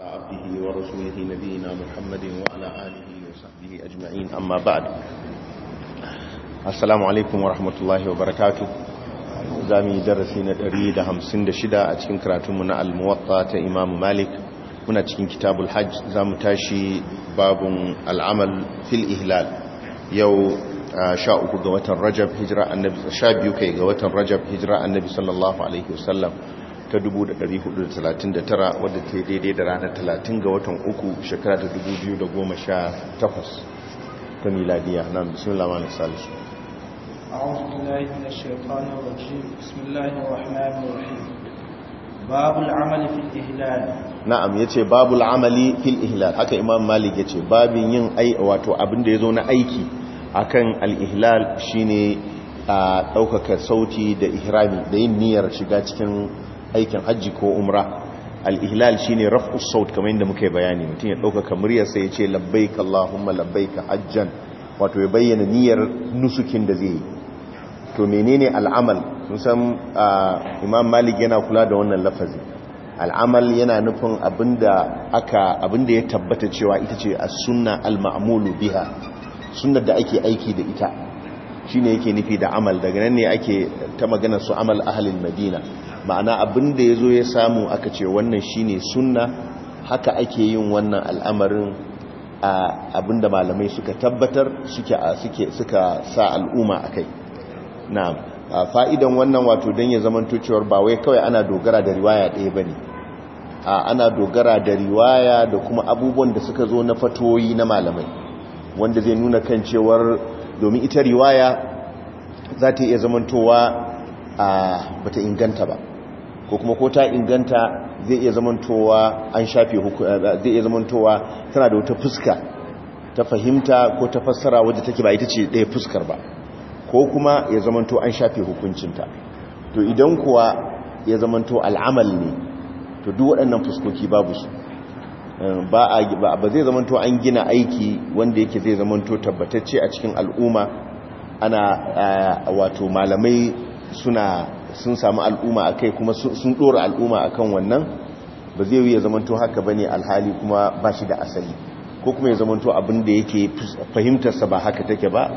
عبده ورسوله نبينا محمد وعلى آله وصحبه أجمعين أما بعد السلام عليكم ورحمة الله وبركاته زامي درسين الأريد همسين دشدة أتكين كراتمنا الموطة إمام مالك هنا أتكين كتاب الحج زام تاشي باب العمل في الإهلال يو شاء قوة الرجب هجرة النبي شابيو كي قوة الرجب هجرة النبي صلى الله عليه وسلم ta 1439 wadda ta daidai da ranar 30 ga watan uku shekara ta 2018 ta miladiya na bismillah ma'ana salisu أعوذ بالله من الشيطان الرجيم بسم الله الرحمن الرحيم Babu العمل في الإهلال na'am yace babul amali fil ihlal haka imam malik yace babin yin ai wato abin da yazo na aiki akan al ihlal shine a daukaka sauti da ihrami da yin niyyar shiga cikin aikin hajji ko umra al-ihlal shine raf'u saut kamar yadda muka bayani mutum ya dauka kamriyar sai ya ce labbaik allahumma labbaik hajjan wato ya bayyana niyyar nusukin da zai yi to menene al'amal mun san imam malik yana kula da wannan lafazi al'amal yana nufin abinda aka abinda ya tabbata cewa ita ce as-sunna al-ma'mulu biha sunnar da ake aiki da ita shine yake nufi da amal daga nan ne ake ta magana su amal ahalin madina ma'ana abin da ya zo ya samu aka ce wannan shine sunna haka ake yin wannan al'amarin abin da malamai suka tabbatar suka sa al'umma a kai na fa'idan wannan wato don ya zama cewar ba wai kawai ana dogara da riwaya ɗaya ba ne ana dogara da riwaya da kuma abubuwan da suka zo na fatoyi na malamai wanda zai nuna kan cewar domin ita riwaya za ta iya zamantowa a bata inganta ba ko kuma ko ta inganta zai iya zamantowa an shafe zai iya zamantowa tana da wata fuska ta fahimta ko ta fassara wadda take ba ita ce ɗaya fuskar ba ko kuma ya zamanto an shafe hukuncinta to idan kuwa ya zamanto al'amal ne to duk waɗannan fuskoki babu su ba zai zamanto an gina aiki wanda yake zai zamanto tabbatacce a cikin al'umma ana eh, wato malamai sun samu al'umma a kai kuma sun dora al'umma a kan wannan ba zai ya zamanto haka ba ne alhali kuma ba shi da asali ko kuma ya zamanto abin da yake fahimtarsa ba haka take ba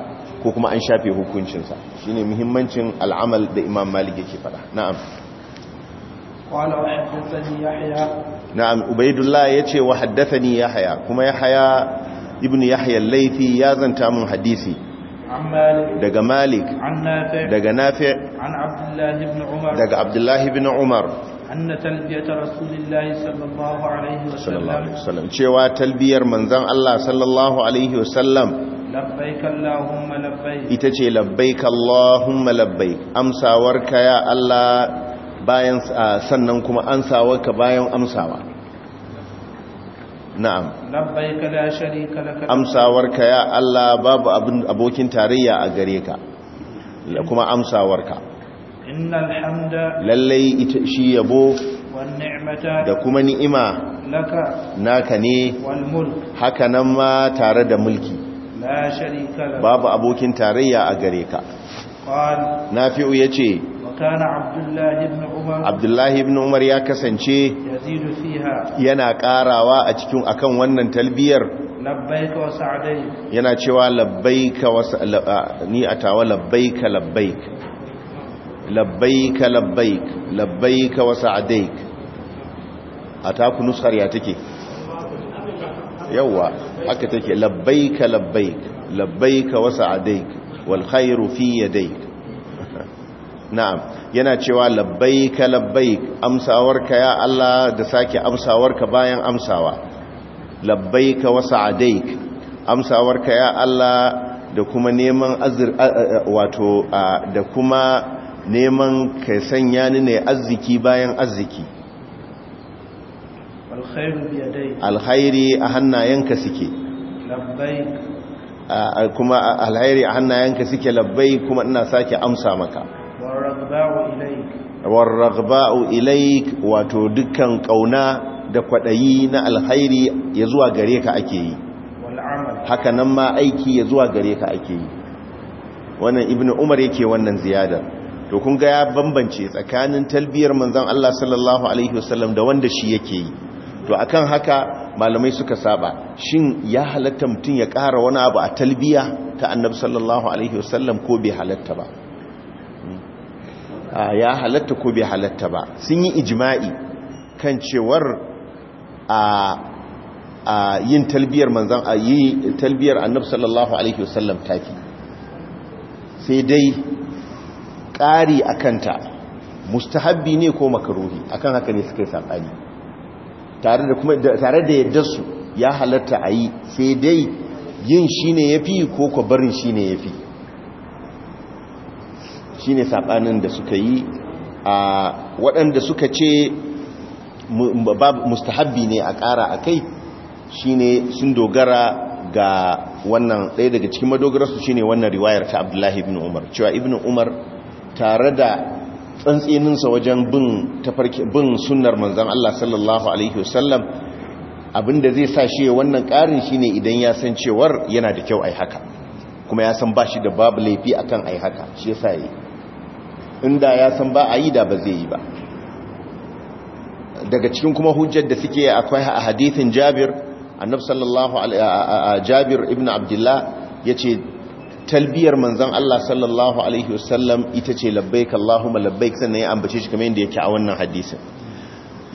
ko kuma an shafe hukuncinsa shi ne muhimmancin al'amal da imam malik yake fada na'am na'am ubaidullah yace wa ya haya, kuma yahya ibnu yahya al laifi, ya zanta mun hadisi daga malik daga nafi' daga abdullah ibn umar anna talbiyata rasulillahi sallallahu alaihi wasallam cewa talbiyar manzan Allah sallallahu alaihi wasallam ita ce labbaik Allahumma labbaik amsawarka ya Allah bayan sannan kuma ka bayan amsawa na'am labbaika amsawarka ya Allah babu abokin tarayya a gare ka da kuma amsawarka innal hamda lallai ita shi yabo da kuma ni'ima naka ne haka nan ma tare da mulki babu abokin tarayya a gare ka nafi'u yace كان عبد الله بن عمر عبد الله بن عمر يا كسانشي يزيد فيها yana karawa a cikin akan wannan talbiyar labbaika wa sa'daik yana cewa labbaika wa ni atawa labbaika labbaik labbaika labbaik labbaika wa sa'daik ataku nuskar ya take yawa haka take labbaika labbaik labbaika wa sa'daik wal khairu fi yadayk na'am yana cewa labbaika labbaik amsawarka ya Allah da sake amsawarka bayan amsawa labbaika wa sa'adaik amsawarka ya Allah da kuma neman azir wato da kuma neman ka sanya ni ne arziki bayan arziki alkhairi a hannayenka suke kuma alkhairi a hannayenka suke labbaik kuma ina sake amsa maka warragba'u ilaik wato dukkan kauna da kwaɗayi na alhairi ya zuwa gare ka ake yi haka nan ma aiki ya zuwa gare ka ake yi wannan ibn umar yake wannan ziyadar to kun ga ya bambance tsakanin talbiyar manzon Allah sallallahu alaihi wasallam da wanda shi yake yi to akan haka malamai suka saba shin ya halatta mutum ya ƙara wani abu a talbiya ta annabi sallallahu alaihi wasallam ko bai halatta ba ya halatta ko bai halatta ba sun yi ijima'i kan cewar a yin talbiyar manzan a yi talbiyar annab sallallahu alaihi wasallam sai dai ƙari a kanta mustahabbi ne ko makaruhi akan haka ne suka yi saɓani tare da yadda su ya halatta a yi sai dai yin shi ne ya fi ko kwabarin shi ne ya fi shine sabanin da suka yi a waɗanda suka ce mustahabbi ne a ƙara a kai shine sun dogara ga wannan ɗaya daga cikin madogararsu shine wannan riwayar ta abdullahi ibn umar cewa ibn umar tare da tsantseninsa wajen bin sunnar manzan Allah sallallahu alaihi wasallam abinda zai sa shi wannan ƙarin shine idan ya san cewar yana da kyau ai haka kuma ya san bashi da babu laifi akan ai haka shi sa yi inda ya san ba a yi da ba zai yi ba daga cikin kuma hujjar da suke akwai a hadithin jabir annab sallallahu jabir ibn abdullah ya ce talbiyar manzan Allah sallallahu alaihi wasallam ita ce labbaik Allahumma labbaik sannan ya ambace shi kamar yadda yake a wannan hadisin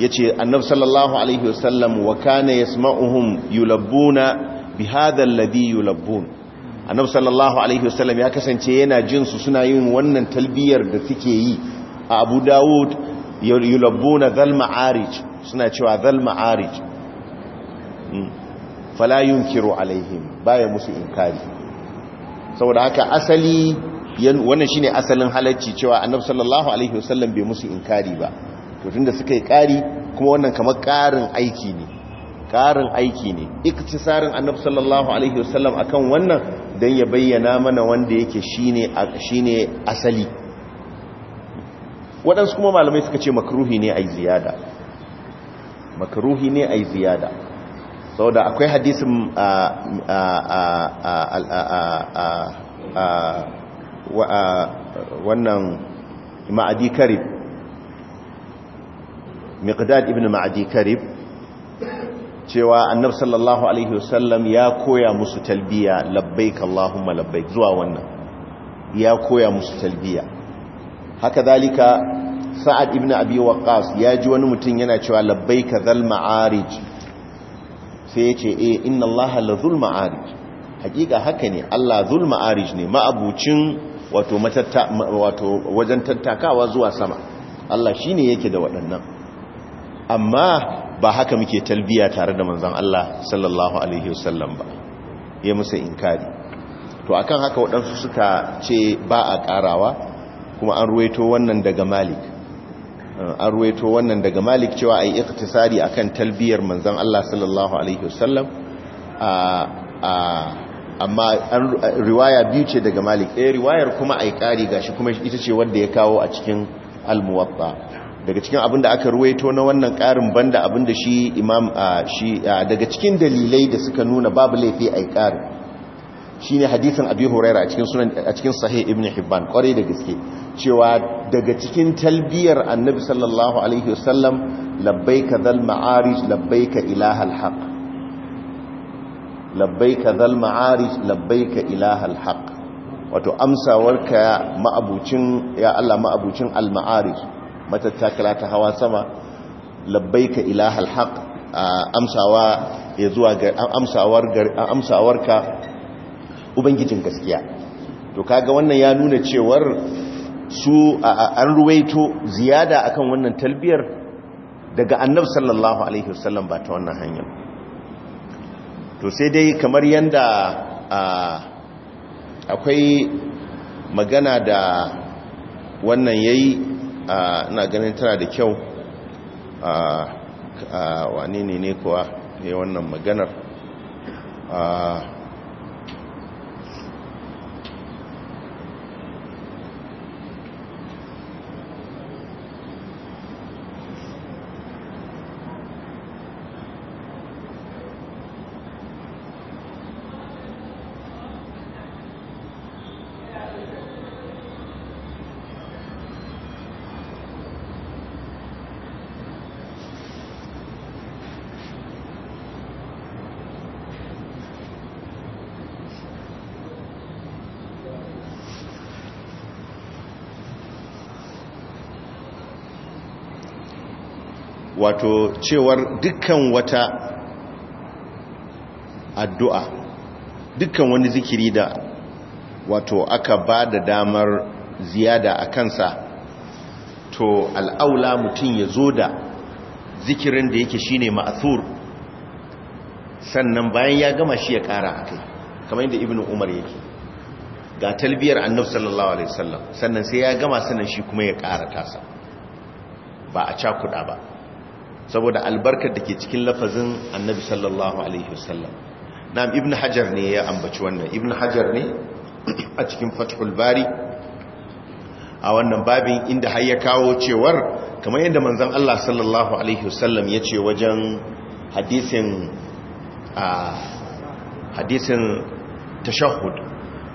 yace annab sallallahu alaihi wasallam wa kana yasma'uhum yulabbuna bi hadha alladhi yulabbuna annabi sallallahu alaihi wasallam ya kasance yana jin su suna yin wannan talbiyar da suke yi a abu dawud yulabbuna zal ma'arij suna cewa zal ma'arij hmm. fala yunkiru alaihim baya musu inkari saboda haka asali wannan shine asalin halacci cewa annabi sallallahu alaihi wasallam bai musu inkari ba to tunda suka yi kari kuma wannan kamar karin aiki ne karin aiki ne iktisarin annabi sallallahu alaihi wasallam akan wannan don ya bayyana mana wanda yake shine asali waɗansu kuma malamai suka ce makaruhi ne a yi ziyada makaruhi ne a yi ziyada sau da akwai hadisun wannan ma'adi karib miqdad ibn ma'adi karib cewa annabi sallallahu alaihi wasallam ya koya musu talbiya labbaik allahumma labbaik zuwa wannan ya koya musu talbiya haka dalika sa'ad ibn abi waqqas ya ji wani mutum yana cewa labbaika zal ma'arij sai yace eh inna allaha la zul ma'arij hakika haka ne allah zul ma'arij ne ma'abucin wato matatta wato wajen tattakawa zuwa sama allah shine yake da waɗannan amma ba haka muke talbiya tare da manzan Allah sallallahu alaihi wasallam ba ya musa inkari to akan haka waɗansu suka ce ba a ƙarawa kuma an ruwaito wannan daga malik an ruwaito wannan daga malik cewa a yi iktisari akan talbiyar manzan Allah sallallahu alaihi wasallam amma riwaya biyu ce daga malik ɗaya eh, riwayar kuma a yi ƙari gashi kuma ita ce wanda ya kawo a cikin almuwabba. daga cikin abin da aka ruwaito na wannan ƙarin banda abin da shi imam a shi daga cikin dalilai da suka nuna babu laifi a ƙarin shi ne hadithin abi huraira a cikin sahih ibn hibban kwarai da gaske cewa daga cikin talbiyar annabi sallallahu alaihi wasallam ka zal ma'arij labbaika ilahal haq zal ilahal haq wato amsawarka ma'abucin ya Allah ma'abucin al ma'arij matattakala ta hawa sama labbaika ilahal haq amsawa ya zuwa amsawar amsawarka ubangijin gaskiya to kaga wannan ya nuna cewar su an ruwaito ziyada akan wannan talbiyar daga annab sallallahu alaihi wasallam ba ta wannan hanyar to sai dai kamar yanda akwai magana da wannan yayi ina ganin tana da kyau a wane ne ne kuwa ne wannan maganar wato cewar dukkan wata addu'a dukkan wani zikiri da wato aka ba da damar ziyada a kansa to al'aula mutum ya zo da zikirin da yake shine ma'athur sannan bayan ya gama shi ya kara a kai kamar yadda ibn umar yake ga talbiyar annab sallallahu alaihi sallam sannan sai ya gama sannan shi kuma ya kara tasa ba a cakuda ba saboda albarkar da ke cikin lafazin annabi sallallahu alaihi wasallam na'am ibn hajar ne ya ambaci wannan ibn hajar ne a cikin fathul bari a wannan babin inda har ya kawo cewar kamar yadda manzon Allah sallallahu alaihi wasallam ya ce wajen hadisin a hadisin tashahhud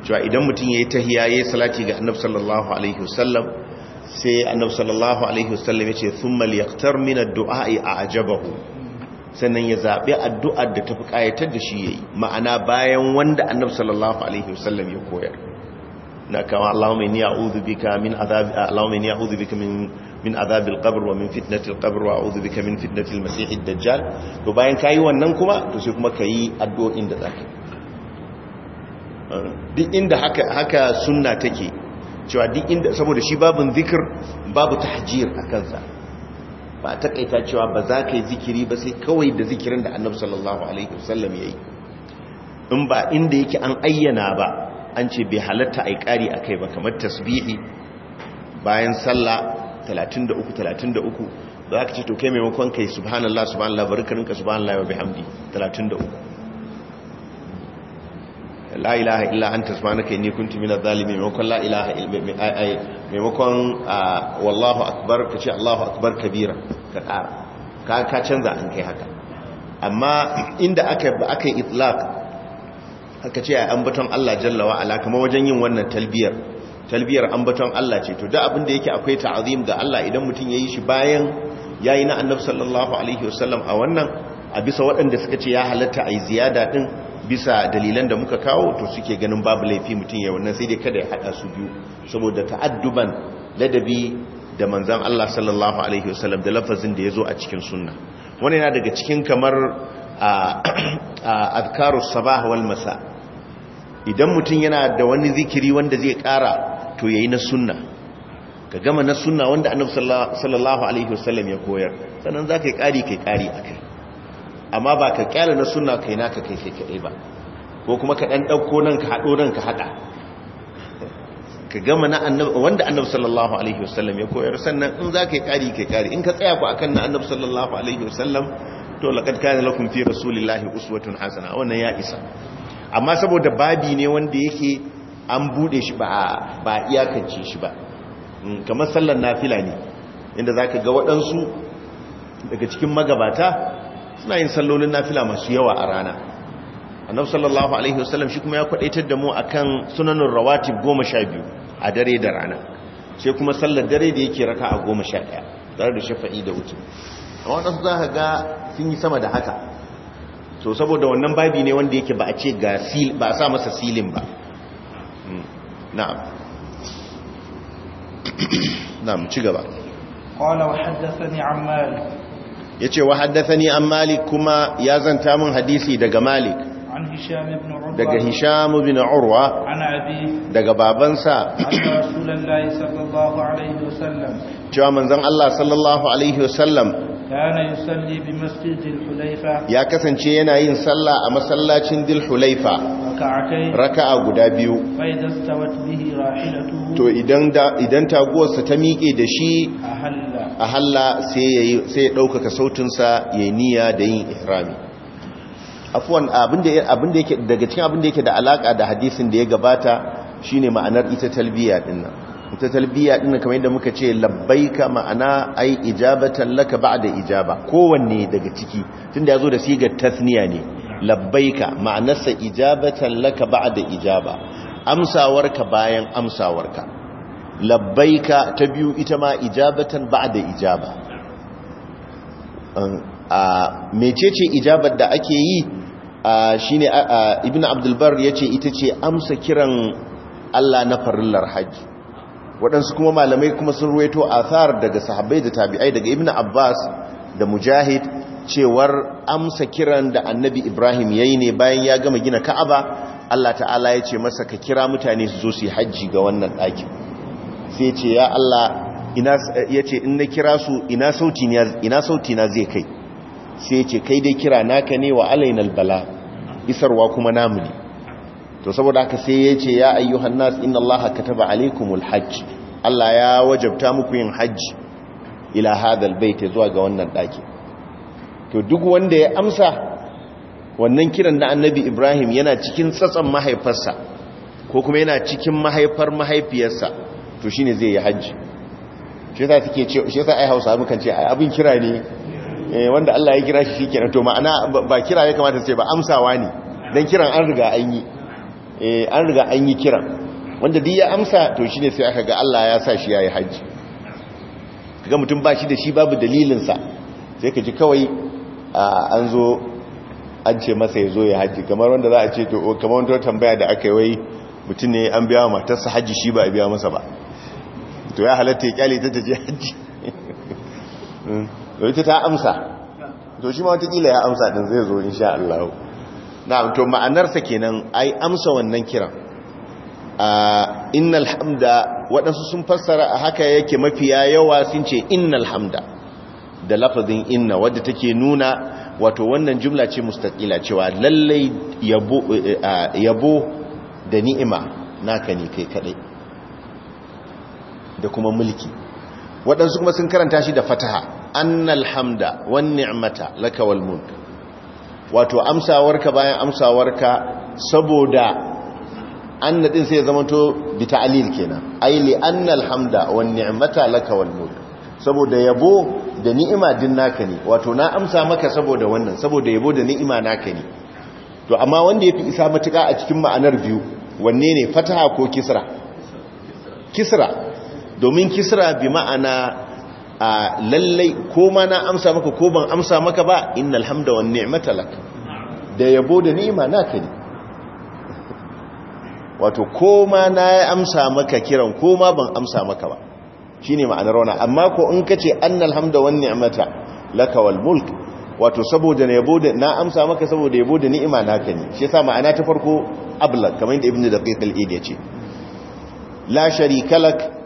cewa idan mutum yayi tahiyya yayi salati ga annabi sallallahu alaihi wasallam sai annabu sallallahu alaihi wasallam yace thumma liyaqtar min ad-du'a'i a'jabahu sannan ya zaɓi addu'ar da tafi kayatar da shi ya yi ma'ana bayan wanda annabu sallallahu alaihi wasallam ya koyar na kama Allahumma inni a'udhu bika min adhab ƙabar wa min fitnati ƙabar wa a'udhu bika min fitnati al-masih ad-dajjal to bayan yi wannan kuma to sai kuma ka yi addu'o'in da zaka duk inda haka suna take cewa duk inda saboda shi babin zikir babu tahjir a kansa ba a takaita cewa ba za ka yi zikiri ba sai kawai da zikirin da annabi sallallahu alaihi wasallam ya yi in ba inda yake an ayyana ba an ce bai halatta a yi ƙari a kai ba kamar tasbihi bayan sallah 33 33 za ka ce to kai maimakon kai subhanallah subhanallah bari ka rinka subhanallah wa bihamdi 33 la ilaha illa anta subhanaka inni kuntu minadh wa maimakon la ilaha maimakon wallahu akbar kace Allahu akbar kabira ka ƙara ka ka canza an kai haka amma inda aka aka itlaq aka ce ai ambaton Allah jalla wa ala kamar wajen yin wannan talbiyar talbiyar ambaton Allah ce to da abin da yake akwai ta'azim ga Allah idan mutum yayi shi bayan yayi na annabi sallallahu alaihi wasallam a wannan a bisa waɗanda suka ce ya halatta ai ziyada din bisa dalilan da muka kawo to suke ganin babu laifi mutum ya wannan sai dai kada ya hada su biyu saboda ta'adduban ladabi da manzan Allah sallallahu alaihi wasallam da lafazin da yazo a cikin sunna wannan yana daga cikin kamar azkarus sabah wal masa idan mutum yana da wani zikiri wanda zai kara to yayi na sunna ka gama na sunna wanda annabi sallallahu alaihi wasallam ya koyar sannan zakai kari kai kari akai amma ba ka kyale na suna kai naka kai kai ba ko kuma ka ɗan ɗauko nan ka haɗo nan ka haɗa. ka gama na annabi wanda annabi sallallahu alaihi wasallam ya koyar sannan in za ka yi ƙari kai ƙari in ka tsaya ku akan na annabi sallallahu alaihi wasallam to laqad kana lakum fi rasulillahi uswatun hasana wannan ya isa amma saboda babi ne wanda yake an bude shi ba ba iyakance shi ba hmm, kamar sallar nafila ne inda zaka ga waɗansu daga cikin magabata suna yin sallolin nafila masu yawa a rana annabi sallallahu alaihi wasallam shi kuma ya kwadaitar da mu akan sunanun rawatib 12 a dare da rana sai kuma sallar dare da yake raka'a 11 tare da shafa'i da wuce a su za ka ga sun yi sama da haka to saboda wannan babi ne wanda yake ba a ce ga sil ba a sa masa silin ba hmm. na'am na'am ci gaba qala wa haddathani ammar ya ce wa haddasa ni an malik kuma ya zanta min hadisi daga malik daga hisham bin urwa daga babansa cewa manzon Allah sallallahu alaihi wasallam ya kasance yana yin sallah a masallacin dil hulaifa raka'a guda biyu to idan taguwarsa ta miƙe da shi a halla sai ya ɗaukaka sautinsa ya niyya da yin ihrami afuwan abinda yake daga cikin abinda yake da alaƙa da hadisin da ya gabata shine ma'anar ita talbiya dinnan ita talbiya din kamar yadda muka ce labbaika ma'ana ai ijabatan laka ba'da ijaba kowanne daga ciki tunda yazo da sigar tasniya ne labbaika ma'anarsa ijabatan laka ba'da ijaba amsawarka bayan amsawarka labbaika ta biyu ita ma ijabatan ba'da ijaba a mecece ijabar da ake yi shine ibnu abdul bar yace ita ce amsa kiran Allah na farillar haji waɗansu kuma malamai kuma sun ruwaito athar daga sahabbai da tabi'ai daga ibn abbas da mujahid cewar amsa kiran da annabi ibrahim ya yi ne bayan ya gama gina ka'aba allah ta'ala ya ce masa ka kira mutane su zo su yi hajji ga wannan ɗakin sai ce ya allah ya ce in na kira su ina sauti na zai kai sai ce kai dai kira naka ne wa alainal bala isarwa kuma namu ne to saboda haka sai ya ce ya ayyuhan nas inna allaha kataba alaikumul hajj Allah ya wajabta muku yin hajji ila hadal bait zuwa ga wannan daki to duk wanda ya amsa wannan kiran da annabi Ibrahim yana cikin tsatsan mahaifarsa ko kuma yana cikin mahaifar mahaifiyarsa to shine zai yi hajji shi yasa suke ce shi yasa ai Hausa mukan ce abin kira ne eh, wanda Allah ya kira shi shikenan to ma'ana ba kira ya kamata sai ba amsawa ne dan kiran an riga an yi Eh, an riga an yi kiran wanda duk ya amsa to shine sai aka ga Allah ya sa shi yayi haji kaga mutum ba shi da shi babu dalilin sa sai ka ji kawai an zo an ce masa ya zo ya haji kamar wanda za a ce to kamar wanda tambaya da aka yi wai mutum ne an biya matarsa haji shi ba a biya masa ba to ya halatta ya kyale ta je haji hmm. to ita ta amsa to shi ma kila ya amsa din zai zo insha Allah na'am to ma'anarsa kenan ai amsa wannan kiran innal hamda waɗansu sun fassara haka yake mafiya yawa sun ce innal hamda da lafazin inna wadda take nuna wato wannan jumla ce mustaqila cewa lallai yabo yabo da ni'ima naka ne kai kadai da kuma mulki waɗansu kuma sun karanta shi da fataha annal hamda wan ni'mata laka mulk wato amsawarka bayan amsawarka saboda anna din sai zamanto bi ta'lil kenan aili anna alhamda wani ni'mata laka wal mulk saboda yabo da ni'ima din naka ne wato na amsa maka saboda wannan saboda yabo da ni'ima naka ne to amma wanda yafi isa matuka a cikin ma'anar biyu wanne ne fataha ko kisra kisra domin kisra bi ma'ana a lallai ko ma na amsa maka ko ban amsa maka ba innal hamda wan ni'mata lak da yabo da ni'ima naka ne wato ko ma na amsa maka kiran ko ma ban amsa maka ba shine ma'anar wannan amma ko in kace annal hamda wan ni'mata lak wal mulk wato saboda na yabo da na amsa maka saboda yabo da ni'ima naka ne shi yasa ma'ana ta farko abla kamar yadda ibnu daqiq al idi ya ce la sharika lak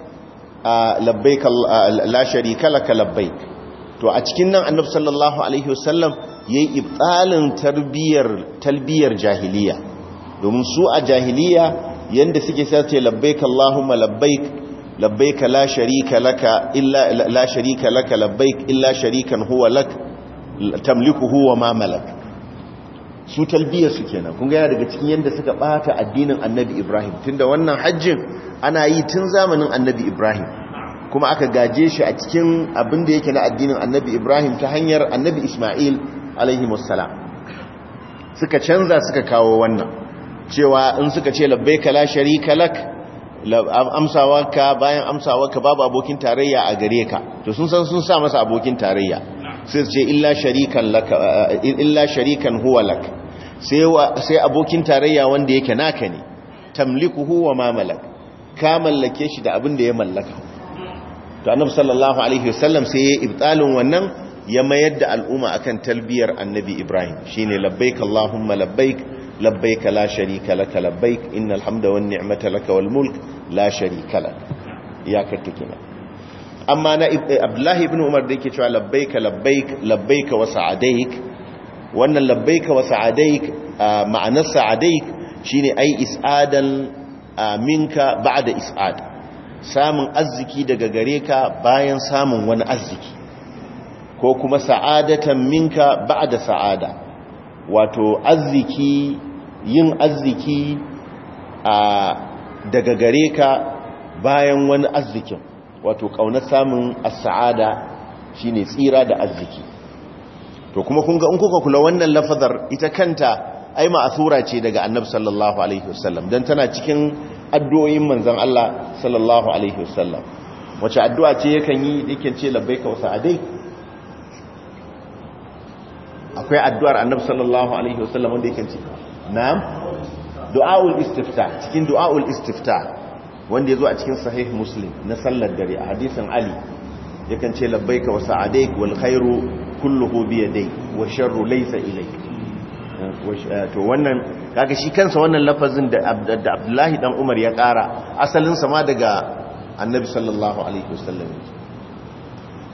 labbaik la sharika laka labbaik to a cikin nan annabi sallallahu alaihi wasallam yayi ibtalin tarbiyar talbiyar jahiliya domin su a jahiliya yanda suke sai ce labbaik allahumma labbaik labbaik la sharika laka illa la sharika laka labbaik illa sharikan huwa lak tamlikuhu wa ma malak su talbiya su kenan kun yana daga cikin yadda suka bata addinin annabi ibrahim tunda wannan hajjin ana yi tun zamanin annabi ibrahim kuma aka gaje shi a cikin abin da yake na addinin annabi ibrahim ta hanyar annabi isma'il alaihi wassalam suka canza suka kawo wannan cewa in suka ce labbai la shari lak amsawarka bayan amsawarka babu abokin tarayya a gare ka to sun san sun sa masa abokin tarayya sai ce illa sharikan huwa lak sai abokin tarayya wanda yake naka ne tamlikuhu wa ma malak ka mallake shi da abin da ya mallaka to annabi sallallahu alaihi wasallam sai ya ibtalin wannan ya mayar da al'umma akan talbiyar annabi ibrahim shine labbaik allahumma labbaik labbaik la sharika lak labbaik innal hamda wan ni'mata lak wal mulk la sharika lak iyakar tukina amma na abdullahi ibn umar da yake cewa labbaik labbaik labbaik wa sa'adaik wannan labbaika wa sa'adaik ma'anar sa'adaik shine ai is'adan minka ba'da is'ad samun arziki daga gare ka bayan samun wani arziki ko kuma sa'adatan minka ba'da sa'ada wato arziki yin arziki daga gare ka bayan wani arzikin wato ƙaunar samun as-sa'ada shine tsira da arziki to kuma kun ga in kuka kula wannan lafazar ita kanta ai ma'asura ce daga annabi sallallahu alaihi wasallam dan tana cikin addu'o'in manzon Allah sallallahu alaihi wasallam wace addu'a ce yakan yi yake ce labbaika wa sa'adai akwai addu'ar annabi sallallahu alaihi wasallam wanda yake ce na'am du'aul istifta cikin du'aul istifta wanda ya zo a cikin sahih muslim na sallar dare a hadisin ali yakan ce labbaika wa sa'adai wal khairu kulluhu bi yadai wa sharru laysa ilai to wannan kaga shi kansa wannan lafazin da Abdullahi dan Umar ya kara asalin sa ma daga Annabi sallallahu alaihi wasallam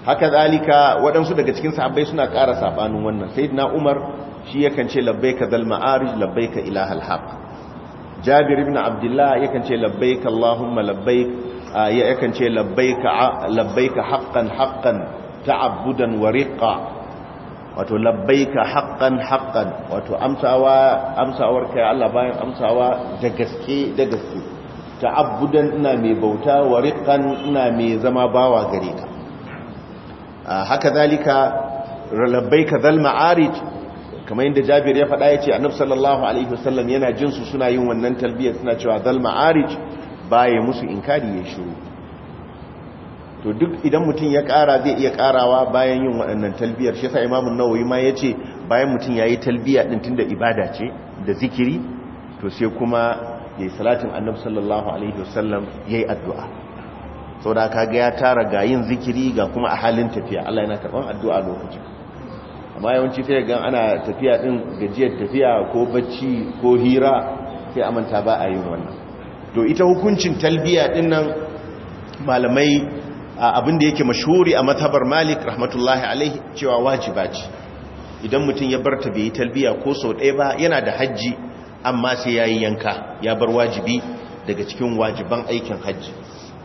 haka zalika waɗansu daga cikin sahabbai suna ƙara sabanin wannan sayyidina Umar shi yakan ce labbaika zal ma'arij labbaika ilahal haqq jabir ibn abdullah yakan ce labbaik allahumma labbaik yakan ce labbaik labbaik haqqan haqqan ta'abbudan wa riqqa wato labbaika haƙan haqqan wato amsawa amsawar kai Allah bayan amsawa da gaske da gaske ta'abbudan ina mai bauta wa riqqan ina mai zama bawa gare ka haka zalika labbaika zal ma'arij kamar yadda Jabir ya faɗa yace Annabi sallallahu alaihi wasallam yana jin su suna yin wannan talbiyar suna cewa zal ma'arij baya musu inkari ya shiru to duk idan mutum ya kara zai iya karawa bayan yin waɗannan talbiyar shi sa imamun nawayi ma ya ce bayan mutum ya yi talbiya ɗin tun da ibada ce da zikiri to sai kuma ya yi salatin annabu sallallahu alaihi wasallam ya yi addu'a sau da ka ga ya tara ga yin zikiri ga kuma a halin tafiya allah yana karɓar addu'a lokacin amma yawanci sai ga ana tafiya ɗin gajiyar tafiya ko bacci ko hira sai a manta ba a yin wannan to ita hukuncin talbiya ɗin nan malamai abinda yake mashuri a matabar malik rahmatullahi alaihi cewa wajiba ce idan mutum ya bar ta bai talbiya ko sau ɗaya ba yana da hajji amma sai ya yi yanka ya bar wajibi daga cikin wajiban aikin hajji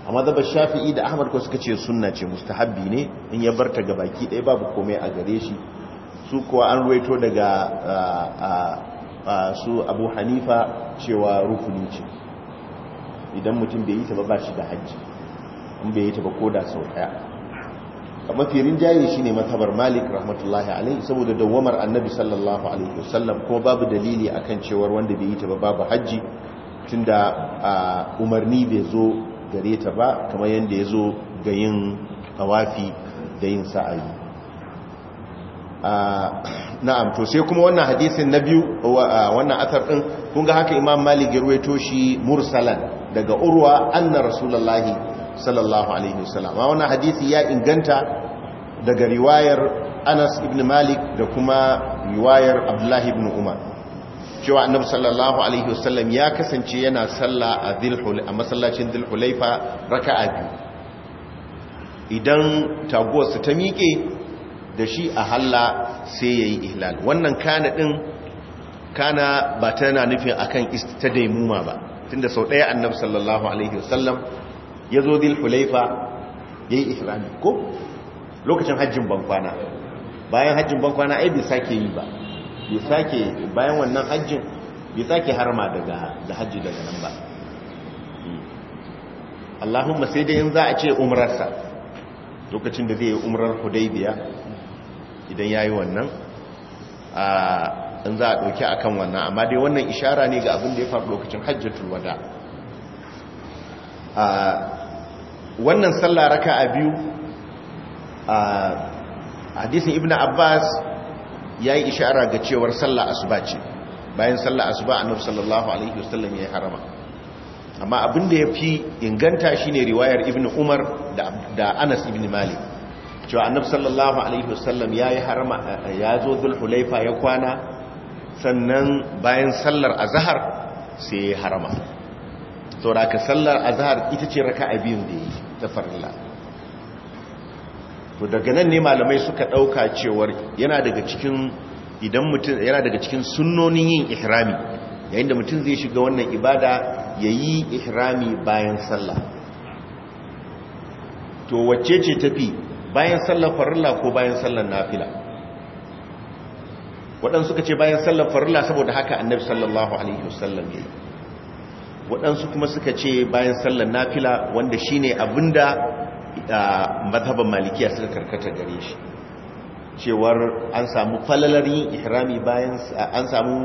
a mazabar shafi'i da ahmad ko suka ce sunna ce mustahabbi ne in ya bar ta ga baki ɗaya babu komai a gare shi su kuwa an ruwaito daga su abu hanifa cewa rukuni ce idan mutum bai yi ta ba ba shi da hajji in bai yi ta ba ko da sau daya mafi rinjaye ne matabar malik rahmatullahi alaihi saboda dawamar annabi sallallahu alaihi wasallam ko babu dalili a kan cewar wanda bai yi ta ba babu hajji tun da umarni bai zo gare ta ba kamar yadda ya zo ga yin tawafi da yin sa'ayi na'am to sai kuma wannan hadisin na biyu wannan athar ɗin, kun ga haka imam malik ya ruwaito shi mursalan daga urwa anna rasulullahi sallallahu alaihi wasallam a wannan hadisi ya inganta daga riwayar Anas ibn Malik da kuma riwayar Abdullahi ibn Umar cewa annabi sallallahu alaihi wasallam ya kasance yana salla a a masallacin Dhul-Hulaifa raka'a biyu idan taguwarsa ta miƙe da shi a halla sai yayi ihlal wannan kana din kana ba tana nufin akan istadaimuma ba tunda sau daya annabi sallallahu alaihi wasallam ya zo zil hulaifa ya yi islami ko lokacin hajjin bankwana bayan hajjin bankwana ai bai sake yi ba bai sake bayan wannan hajjin bai sake harma daga da hajji daga nan ba hmm. Allahumma sai dai in za a ce umrarsa lokacin da zai yi umrar hudaybiya idan yayi wannan a in za a ɗauki a kan wannan amma dai wannan ishara ne ga abin da ya faru lokacin hajjatul wada wannan sallah raka a biyu a hadisin ibn abbas ya yi ishara ga cewar sallah asuba ce bayan sallah asuba nufi sallallahu alaihi wasallam ya yi harama amma abin da ya fi inganta shi ne riwayar ibn umar da anas ibn malik cewa annabi sallallahu alaihi wasallam ya yi harama ya zo zulhulaifa ya kwana sannan bayan sallar a zahar sai ya yi harama saboda ka sallar azhar ita ce raka'a biyun da yi ta farilla to daga nan ne malamai suka dauka cewar yana daga cikin idan mutum yana daga cikin sunnonin yin ihrami yayin da mutum zai shiga wannan ibada yayi ihrami bayan sallah to wacce ce tafi bayan sallar farilla ko bayan sallar nafila waɗansu suka ce bayan sallar farilla saboda haka annabi sallallahu alaihi wasallam yayi waɗansu kuma suka ce bayan sallar nafila wanda shine abinda mazhaban malikiya suka karkata gare shi cewar an samu falalarin ihrami bayan an samu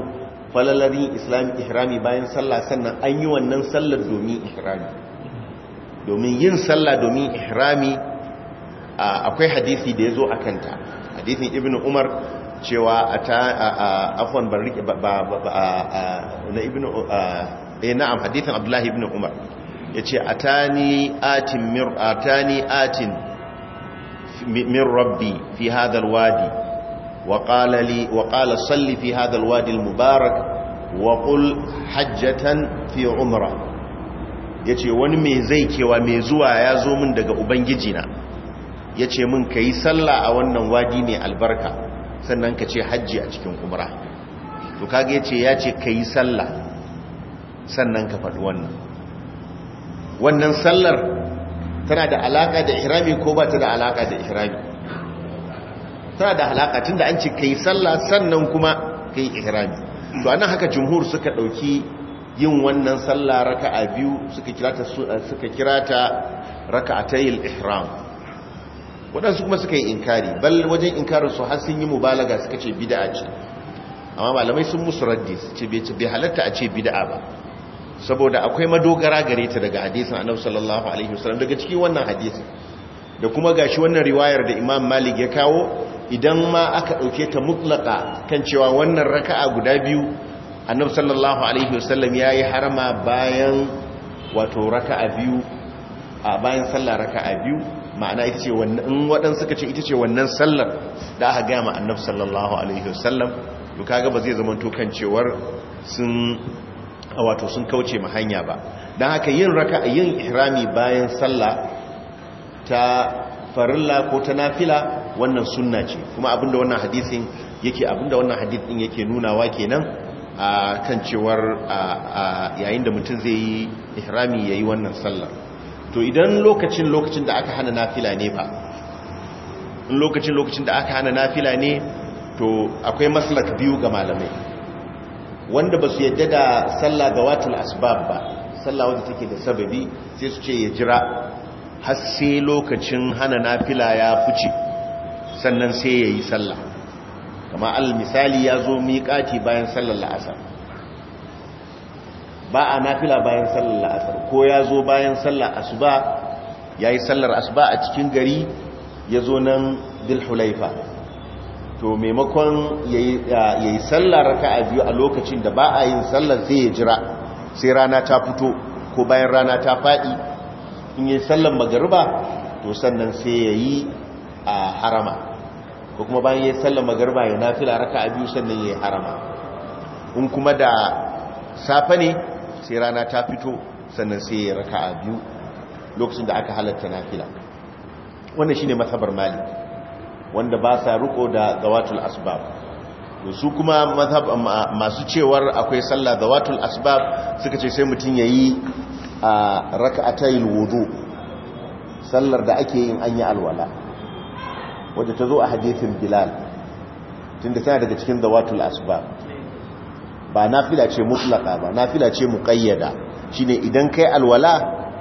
falalarin islami ihrami bayan sallah sannan an yi wannan sallar domin ihrami domin yin sallah domin ihrami akwai hadisi da ya zo a kanta hadisin ibn umar cewa a ta afon ba na ibn eh na'am hadithan abdullah ibn umar yace atani atin mir atani atin min rabbi fi hadha alwadi wa qala li wa qala salli fi hadha alwadi almubarak wa qul hajjatan fi umra yace wani me zai kewa mai zuwa ya zo min daga ubangiji na yace min kai sallah a wannan wadi mai albarka sannan ka ce hajji a cikin Umrah. to kage yace yace kai sallah sannan ka faɗi wannan wannan sallar tana da alaƙa da ihrami ko ba ta da alaƙa da ihrami tana da alaƙa tun da an ce kai sallah sannan kuma kai ihrami to anan haka jumhur suka ɗauki yin wannan sallah raka'a biyu suka kirata suka kirata raka'atayil ihram waɗansu kuma suka yi inkari bal wajen inkarin su har sun yi mubalaga suka ce bid'a ce amma malamai sun musu raddi su ce bai halatta a ce bid'a ba saboda akwai madogara gare ta daga hadisin annabi sallallahu alaihi wasallam daga cikin wannan hadisi da kuma gashi wannan riwayar da Imam Malik ya kawo idan ma aka dauke ta mutlaka kan cewa wannan raka'a guda biyu annabi sallallahu alaihi wasallam yayi harama bayan wato raka'a biyu a bayan sallah raka'a biyu ma'ana ita ce wannan in wadan suka ce ita ce wannan sallar da aka gama ma annabi sallallahu alaihi wasallam to kaga ba zai zama to kan cewar sun A wato sun kauce ma hanya ba don haka yin raka a yin ihrami bayan sallah ta farilla ko ta nafila wannan sunna ce kuma abinda wannan hadisin yake abinda wannan hadisin yake nunawa kenan a kan cewar yayin da mutum zai yi ihrami yayi wannan sallah to idan lokacin lokacin da aka hana nafila ne ba lokacin lokacin da aka hana nafila ne to akwai maslak biyu ga malamai wanda ba su yadda da sallah ga watan asbab ba sallah wadda take da sababi sai su ce ya jira har sai lokacin hana nafila ya fice sannan sai ya yi sallah kama al misali ya zo miƙati bayan sallar la'asar ba a nafila bayan sallar la'asar ko ya zo bayan sallar asuba ya yi sallar asuba a cikin gari ya zo nan dilhulaifa to maimakon ya yi sallar raka a biyu a lokacin da ba a yin sallar zai ya jira sai rana ta fito ko bayan rana ta faɗi in yi sallar magariba to sannan sai ya yi a harama ko kuma bayan ya yi sallar magariba ya fila raka a biyu sannan ya yi harama in kuma da safe ne sai rana ta fito sannan sai ya raka a biyu lokacin da aka halatta fila. wannan shi ne masabar malik wanda ba sa riko da zawatul asbab su kuma masu cewar akwai sallah zawatul asbab suka ce sai mutum yayi a wudu sallar da ake yin anyi alwala wadda ta a hadithin bilal tunda tana daga cikin zawatul asbab ba nafila ce mutlaka ba nafila ce muqayyada shine idan kai alwala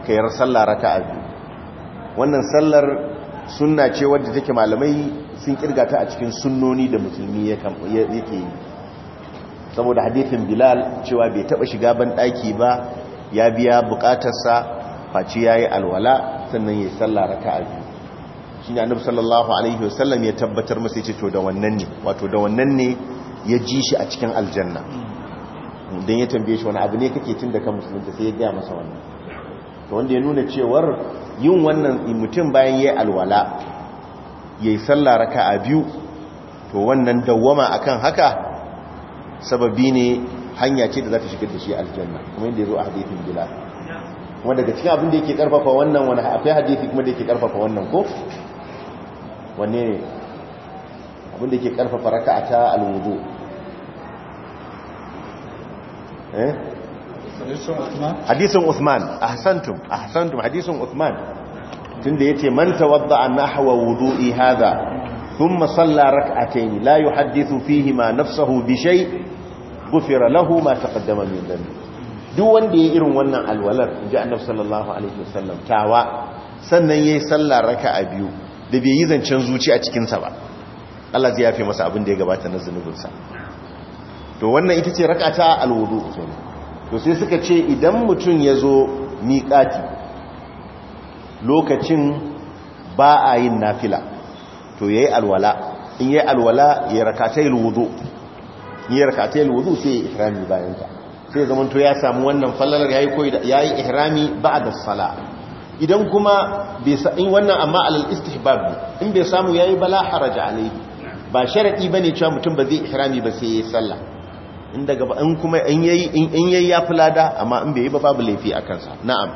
kai sallar raka'a wannan sallar sunna ce wadda take malamai sun kirga ta a cikin sunnoni da musulmi yake yi saboda hadithin bilal cewa bai taba shiga ban daki ba ya biya bukatarsa faci yi alwala sannan ya a biyu. shi ne annabi sallallahu alaihi wasallam ya tabbatar masu ce to da wannan ne wato da wannan ne ya ji shi a cikin aljanna don ya tambaye shi wani abu ne kake tun da ka musulunta sai ya gaya masa wannan wanda ya nuna cewar yin wannan mutum bayan yi alwala ya yi sallah a biyu to wannan dawwama akan haka sababi ne hanya ce da za ta shigar da shi aljanna kuma yadda ya zo a hadithin bilal kuma daga cikin abin da yake karfafa wannan wani akwai hadithi kuma da yake karfafa wannan ko wanne ne abin da yake karfafa a ta alwudu eh hadisin Uthman ahsantum ahsantum hadisin Uthman tunda yace man tawadda nahwa wudu'i hadha thumma salla rak'atayn la yuhaddithu fihi ma nafsuhu bi shay ghufira lahu ma taqaddama min dhanbi duk wanda yi irin wannan alwalar ji annabi sallallahu alaihi wasallam tawa sannan yayi sallah a biyu da bai yi zancen zuci a cikin sa ba Allah zai yafe masa abin da ya gabata na zunubinsa to wannan ita ce rak'ata alwudu kenan to sai suka ce idan mutum ya zo miƙati lokacin ba a yin nafila to ya yi alwala in ya yi alwala ya rakatai lwudu. ya rakatai lwudu sai ya yi ihrami bayanta sai zaman to ya samu wannan fallalar ya yi koyi da ya yi ihrami ba da sala idan kuma in wannan amma alal istihbab in bai samu ya yi bala haraja alaihi ba sharaɗi ba ne cewa mutum ba zai ihrami ba sai ya yi sallah in daga in kuma in yayi in yayi ya fulada amma in bai yi ba babu laifi a kansa na'am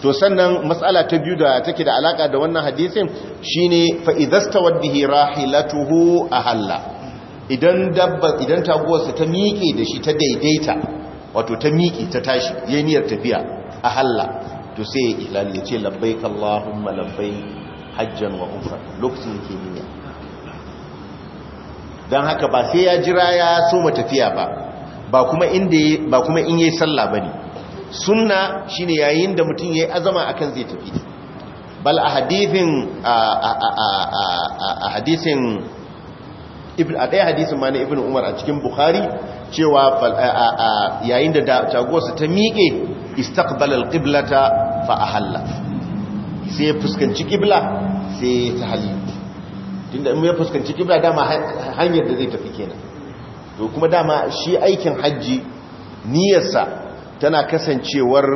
to sannan matsala ta biyu da take da alaka da wannan hadisin shine fa idastawad rahilatuhu ahalla idan dabba idan sa ta miƙe da shi ta daidaita wato ta miƙe ta tashi yayin niyyar tafiya ahalla to sai ya ihlal ya ce labbaik allahumma labbaik hajjan wa umrah lokacin yake niyya don haka ba sai ya jira ya soma tafiya ba ba kuma in yi salla in yayi sallah shi sunna shine yayin da mutum ya yi azama a kan zai tafi bal a hadithin a hadisin a ɗaya hadithin ma na ibn umar a cikin bukhari cewa yayin da tagowarsa ta miƙe istaqbal ƙiblata fa ahalla sai fuskanci ƙibla sai ta hali tunda in ya fuskanci kibla dama hanyar da zai tafi kenan to kuma dama shi aikin hajji niyyarsa tana kasancewar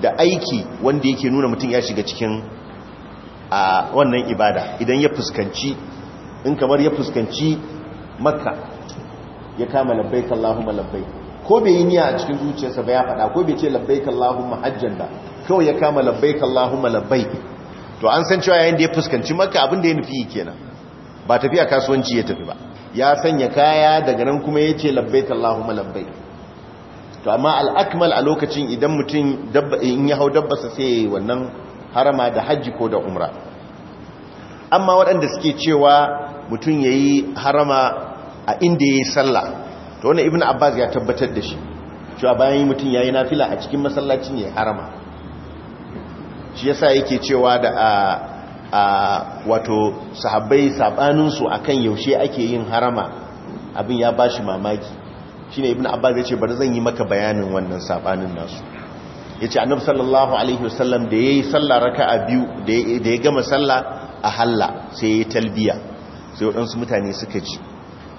da aiki wanda yake nuna mutum ya shiga cikin a wannan ibada idan ya fuskanci in kamar ya fuskanci makka ya kama labbaik Allahumma labbaik ko bai yi niyya a cikin zuciyarsa ba ya faɗa ko bai ce labbaik Allahumma hajjan da kawai ya kama labbaik Allahumma labbaik to an san cewa yayin da ya fuskanci makka abin da ya nufi kenan ba tafiya kasuwanci ya tafi ba ya sanya kaya daga nan kuma ya ce labbaik Allahumma labbaik to amma al'akmal a lokacin idan mutum in ya hau dabbasa sai ya wannan harama da hajji ko da umra amma waɗanda suke cewa mutum ya yi harama a inda ya yi sallah to wani ibn abbas ya tabbatar da shi cewa bayan yi mutum ya yi nafila a cikin masallacin ya yi harama shi yasa yake cewa da a. a wato sahabbai sabaninsu akan yaushe ake yin harama abin ya ba shi mamaki shine ibnu abbas yace bari zan yi maka bayanin wannan sabanin nasu yace annabi sallallahu alaihi wasallam da yayi sallah a biyu da ya gama sallah a halla sai yi talbiya sai waɗansu mutane suka ci.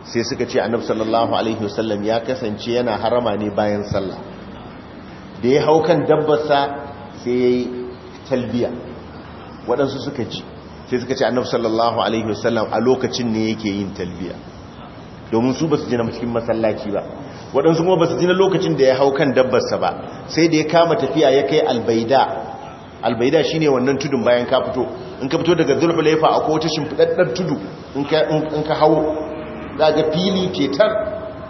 sai suka ce annabi sallallahu alaihi wasallam ya kasance yana harama ne bayan sallah da ya hau kan dabbarsa sai ya yi talbiya waɗansu suka ci sai suka ce annabi sallallahu alaihi wasallam a lokacin ne yake yin talbiya domin su ba su ji cikin masallaci ba waɗansu kuma ba su ji na lokacin da ya hau kan dabbarsa ba sai da ya kama tafiya ya kai albaida albaida shine wannan tudun bayan ka fito in ka fito daga zulhulaifa a kowace shimfiɗaɗɗar tudu in ka hau za fili ketar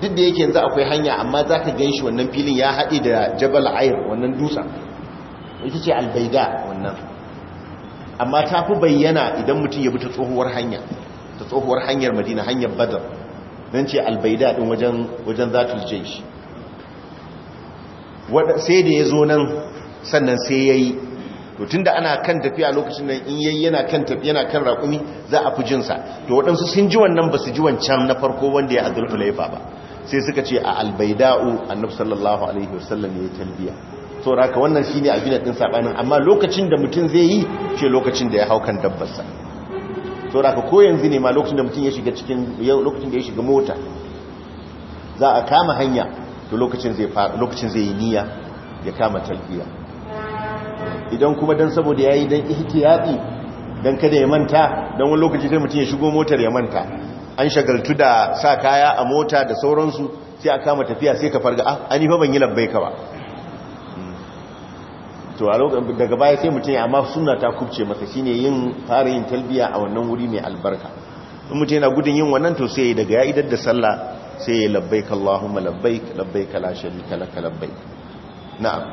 duk da yake yanzu akwai hanya amma za ka gan shi wannan filin ya haɗe da jabal ayir wannan dusa ita ce albaida wannan amma ta fi bayyana idan mutum ya bi ta tsohuwar hanya ta tsohuwar hanyar madina hanyar badar don ce albaida ɗin wajen wajen zatul jaish sai da ya zo nan sannan sai ya yi to da ana kan tafiya lokacin nan in yayi yana kan tafiya yana kan raƙumi za a fi jinsa to waɗansu sun ji wannan ba su ji wancan na farko wanda ya azurfa laifa ba sai suka ce a albaida'u annabi sallallahu alaihi wasallam ya yi talbiya saboda ka wannan shine abin da ɗin saɓanin amma lokacin da mutum zai yi ce lokacin da ya hau kan dabbarsa saboda ka ko yanzu ne ma lokacin da mutum ya shiga cikin lokacin da ya shiga mota za a kama hanya to lokacin zai yi niyya ya kama talbiya idan kuma don saboda don dan yaɗi don kada ya manta don wani lokaci sai mutum ya shigo motar ya manta an shagaltu da sa kaya a mota da sauransu sai a kama tafiya sai ka farga an ah, yi fa ban yi ka ba to daga baya sai mutum ya amma suna ta kubce masa shine yin fara yin talbiya a wannan wuri mai albarka in mutum na gudun yin wannan to sai daga ya idar da sallah sai ya labbai ka Allahumma labbai ka labbai ka lashari ka laka labbai na'am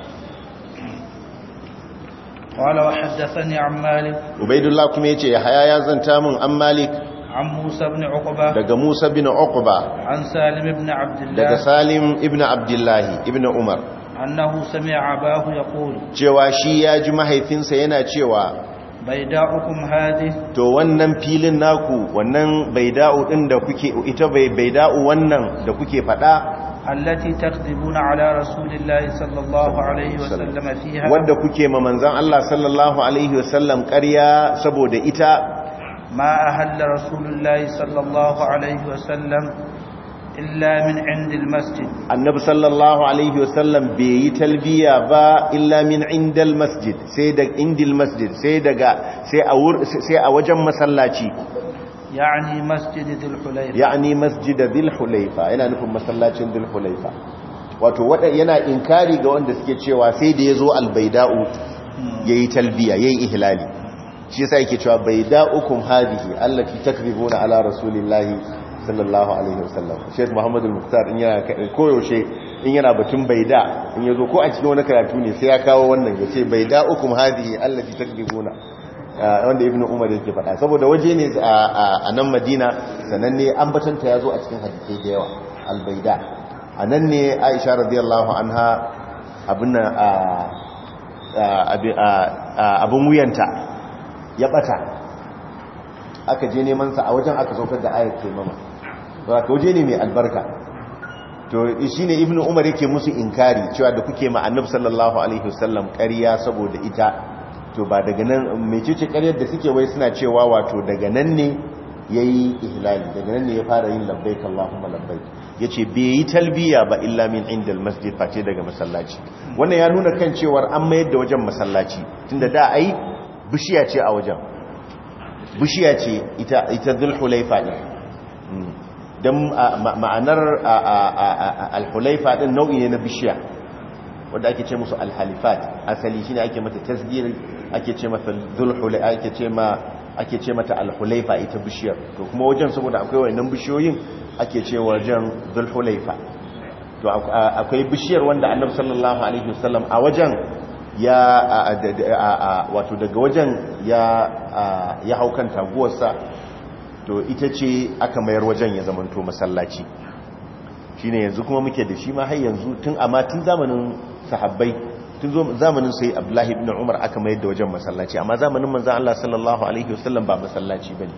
wala wa haddathani am malik ubaidullah kuma yace haya ya zanta min am malik an musa ibn uqba daga musa ibn uqba an salim ibn abdullah daga salim ibn abdullah ibn umar annahu sami'a abahu ya yaqulu cewa shi ya ji mahaifinsa yana cewa Bai da'u baida'ukum hadi to wannan filin naku wannan bai da'u din da kuke ita bai da'u wannan da kuke fada التي تكذبون على رسول الله صلى الله عليه وسلم فيها wanda kuke ma manzon Allah sallallahu alaihi sallam ƙarya saboda ita ma ahalla rasulullahi sallallahu alaihi sallam. illa min indil masjid annabi sallallahu alaihi wasallam bai yi talbiya ba illa min indil masjid sai da indil masjid sai daga sai a sai a wajen masallaci yani masjid dhul hulayfa yani masjid dhul hulayfa Ina nufin masallacin dhul hulayfa wato wada yana inkari ga wanda suke cewa sai da yazo albaida'u hmm. yayi talbiya yayi ihlali shi yasa yake cewa baida'ukum hadhihi allati takribuna ala rasulillahi sallallahu alaihi wasallam sheikh muhammad al-muktar in yana koyaushe in yana batun baida in yazo ko a cikin wani karatu ne sai ya kawo wannan yace baida ukum hadihi allati takdibuna wanda ibnu umar yake faɗa saboda waje ne a nan madina sanan ne batanta yazo a cikin hadisi da yawa al-baida anan ne aisha radiyallahu anha abin abin wuyanta ya bata aka je neman sa a wajen aka saukar da ayat mama ba waje ne mai albarka to shi ne ibn umar yake musu inkari cewa da kuke ma sallallahu alaihi wasallam karya saboda ita to ba daga nan mecece karyar da suke wai suna cewa wato daga nan ne yayi ihlali daga nan ne ya fara yin labbaik allahumma labbaik yace bai yi talbiya ba illa min indal masjid face daga masallaci wannan ya nuna kan cewar an mayar da wajen masallaci tunda da ai bishiya ce a wajen bishiya ce ita ita dhulhulaifa don ma'anar alhulaifa ɗin nau'i ne na bishiya wadda ake ce musu alhalifat asali shi ne ake mata tasdiri ake ce mata ake ce mata alhulaifa ita bishiyar to kuma wajen saboda akwai wannan bishiyoyin ake ce wajen zulhulaifa to akwai bishiyar wanda annabi sallallahu alaihi wasallam a wajen ya wato daga wajen ya ya haukan taguwarsa to ita ce aka mayar wajen ya to masallaci shine yanzu kuma muke da shi ma har yanzu tun amma tun zamanin sahabbai tun zamanin sai abdullahi ibn umar aka mayar da wajen masallaci amma zamanin manzon Allah sallallahu alaihi wasallam ba masallaci bane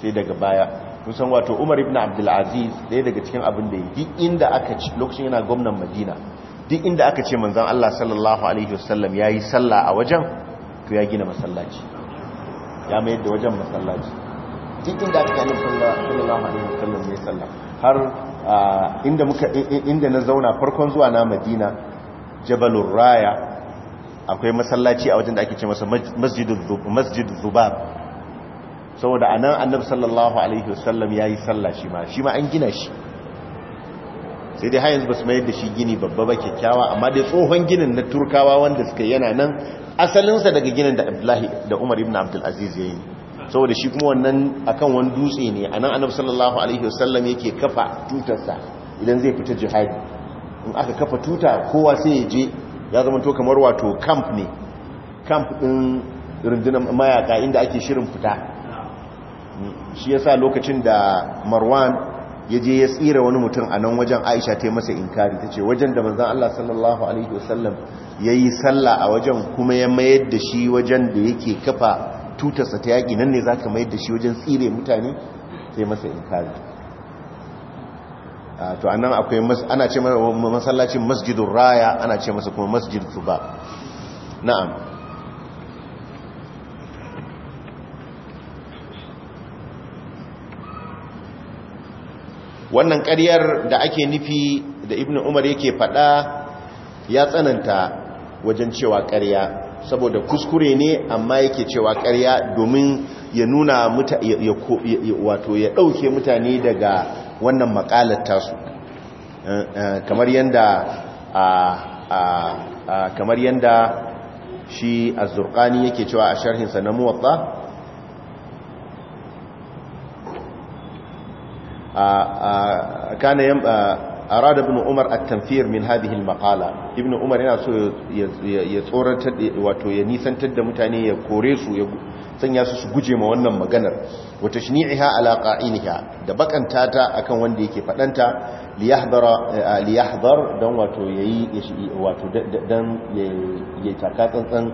sai daga baya kun san wato umar ibn abdul aziz daga cikin abin da duk inda aka ci lokacin yana gwamnan madina duk inda aka ce manzon Allah sallallahu alaihi wasallam yayi sallah a wajen to ya gina masallaci ya mayar da wajen masallaci cikin da aka yi sallallahu alaihi wasallam ne sallah har inda muka inda na zauna farkon zuwa na Madina Jabalur Raya akwai masallaci a wajen da ake ce masa Masjidul Zubab saboda anan Annabi sallallahu alaihi wasallam yayi sallah shi ma shi ma an gina shi sai dai hayanzu ba su mayar da shi gini babba ba kyakkyawa amma dai tsohon ginin na turkawa wanda suka yana nan asalinsa daga ginin da abdullahi da umar ibn abdulaziz Aziz yi saboda shi kuma wannan akan wani dutse ne anan annabi sallallahu alaihi wasallam yake kafa tutarsa idan zai fita jihadi in aka kafa tuta kowa sai ya je ya zama to kamar wato camp ne camp din rundunar mayaka inda ake shirin fita shi yasa lokacin da marwan ya je ya tsira wani mutum a nan wajen aisha ta yi masa inkari ta ce wajen da manzan allah sallallahu alaihi wasallam ya yi salla a wajen kuma ya mayar da shi wajen da yake kafa tutarsa ta yaƙi nan ne za ka mayar da shi wajen tsire mutane sai masa in inkari to anan akwai ana ce masallacin masjidun raya ana ce masa kuma masjid tuba na'am wannan ƙaryar da ake nufi da ibn umar yake faɗa ya tsananta wajen cewa ƙarya saboda kuskure ne amma yake cewa karya domin ya nuna wato ya ɗauke mutane daga wannan makalar tasu eh, eh, kamar yadda kamar yadda shi azurkani yake cewa a sharhinsa na a kana arada ibn umar at-tanfir min hadhihi al-maqala ibn umar yana so ya tsoratar wato ya nisantar da mutane ya kore su ya sanya su su guje ma wannan maganar wa tashni'iha ala qa'iliha da baƙantata akan wanda yake faɗanta li yahdara li dan wato yayi wato dan yayi taka tsantsan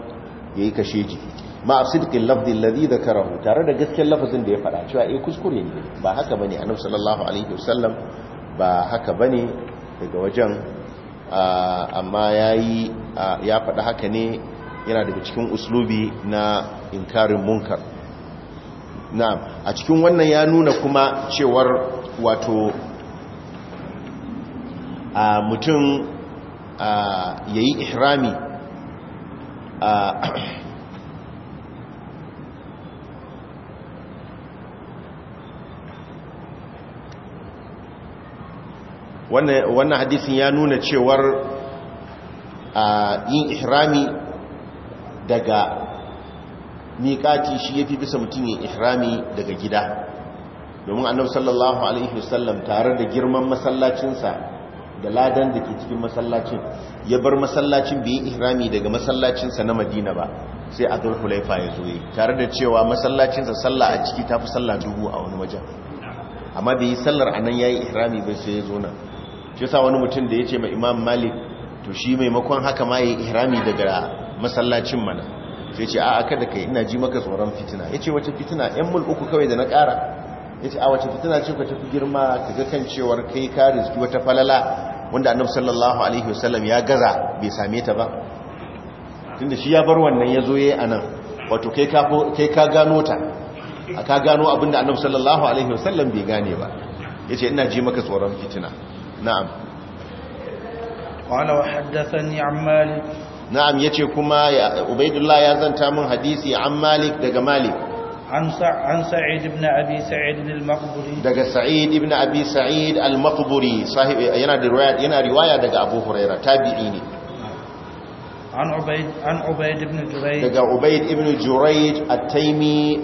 yayi kasheji ma sidqil lafzi alladhi dhakarahu tare da gaskiyar lafazin da ya faɗa cewa eh kuskure ne ba haka bane annabi sallallahu alaihi wasallam ba haka ba ne daga wajen amma ya yi ya faɗi haka ne yana daga cikin uslubi na inkarin munkar na a cikin wannan ya nuna kuma cewar wato a mutum yi ihrami wannan hadisin ya nuna cewar yin ihrami daga miƙati shi ya fi bisa mutum yin ihrami daga gida domin annab sallallahu alaihi wasallam tare da girman masallacinsa da ladan da ke cikin masallacin ya bar masallacin bai yi ihrami daga masallacinsa na madina ba sai a hulaifa ya zo tare da cewa masallacinsa sallah a ciki ta fi sallah dubu a wani wajen amma bai yi sallar a nan ya yi ihrami bai sai ya zo nan shi yasa wani mutum da ya ce mai imam malik to shi maimakon haka ma ya ihrami daga masallacin mana sai ce a'a kada kai ina ji maka tsoron fitina Ya ce wace fitina yan mulku kawai da na ƙara ce a wace fitina ce ka tafi girma ga kan cewar kai ka rizki wata falala wanda annabi sallallahu alaihi wasallam ya gaza bai same ta ba tunda shi ya bar wannan ya zo yayi anan wato kai ka kai ka gano ta A ka gano abinda annabi sallallahu alaihi wasallam bai gane ba Ya ce ina ji maka tsoron fitina na'am wala wahaddathani ammal na'am yace kuma ubaydullah ya zanta min hadisi ammalik daga malik an sa'id ibn abi sa'id al-maqburi daga sa'id ibn abi sa'id al-maqburi yana riwaya daga abu huraira tabi'i ne an ubayd daga ubayd ibn jurayd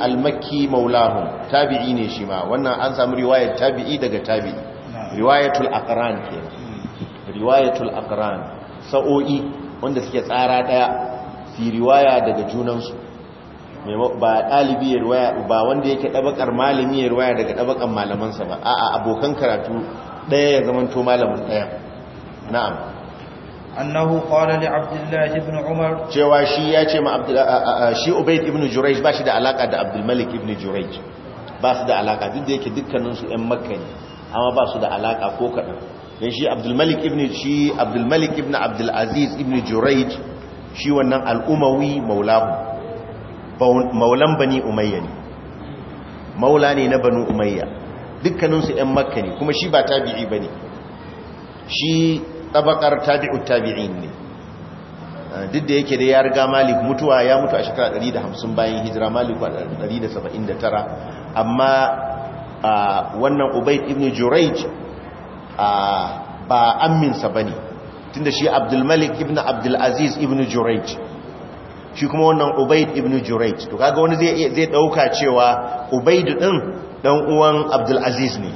al-makki mawlahum tabi'i ne shi wannan an samu riwayar tabi'i daga tabi'i riwayatul aqran ke riwayatul aqran sa'o'i wanda suke tsara daya su riwaya daga junansu ba dalibi ya riwaya ba wanda yake ɗabakar malami ya riwaya daga malaman malamansa ba a'a abokan karatu ɗaya ya to malamin ɗaya na'am annahu qala li abdullah ibn umar cewa shi ya ce ma abdullah shi ubayd ibn jurayj ba shi da alaka da abdul malik ibn jurayj ba su da alaka duk da yake dukkanin su ɗan makka ne amma ba su da alaka ko kaɗan don shi abdulmalik ibn shi abdulmalik ibn abdulaziz ibn juraij shi wannan al'umawi maulahu maulan bani umayya ne maula ne na banu umayya dukkaninsu 'yan makka ne kuma shi ba tabi'i ba ne shi tabakar tabi'ut tabi'in ne ah, duk da yake da ya riga malik mutuwa ya mutu a shekara 150 bayan hijira maliku a 179 amma wannan ubaid ibn juraij ba amminsa ba ne tunda shi abdulmalik ibn abdulaziz ibn juraij shi kuma wannan ubaid ibn juraij to kaga wani zai dauka cewa ubaid din dan uwan abdulaziz ne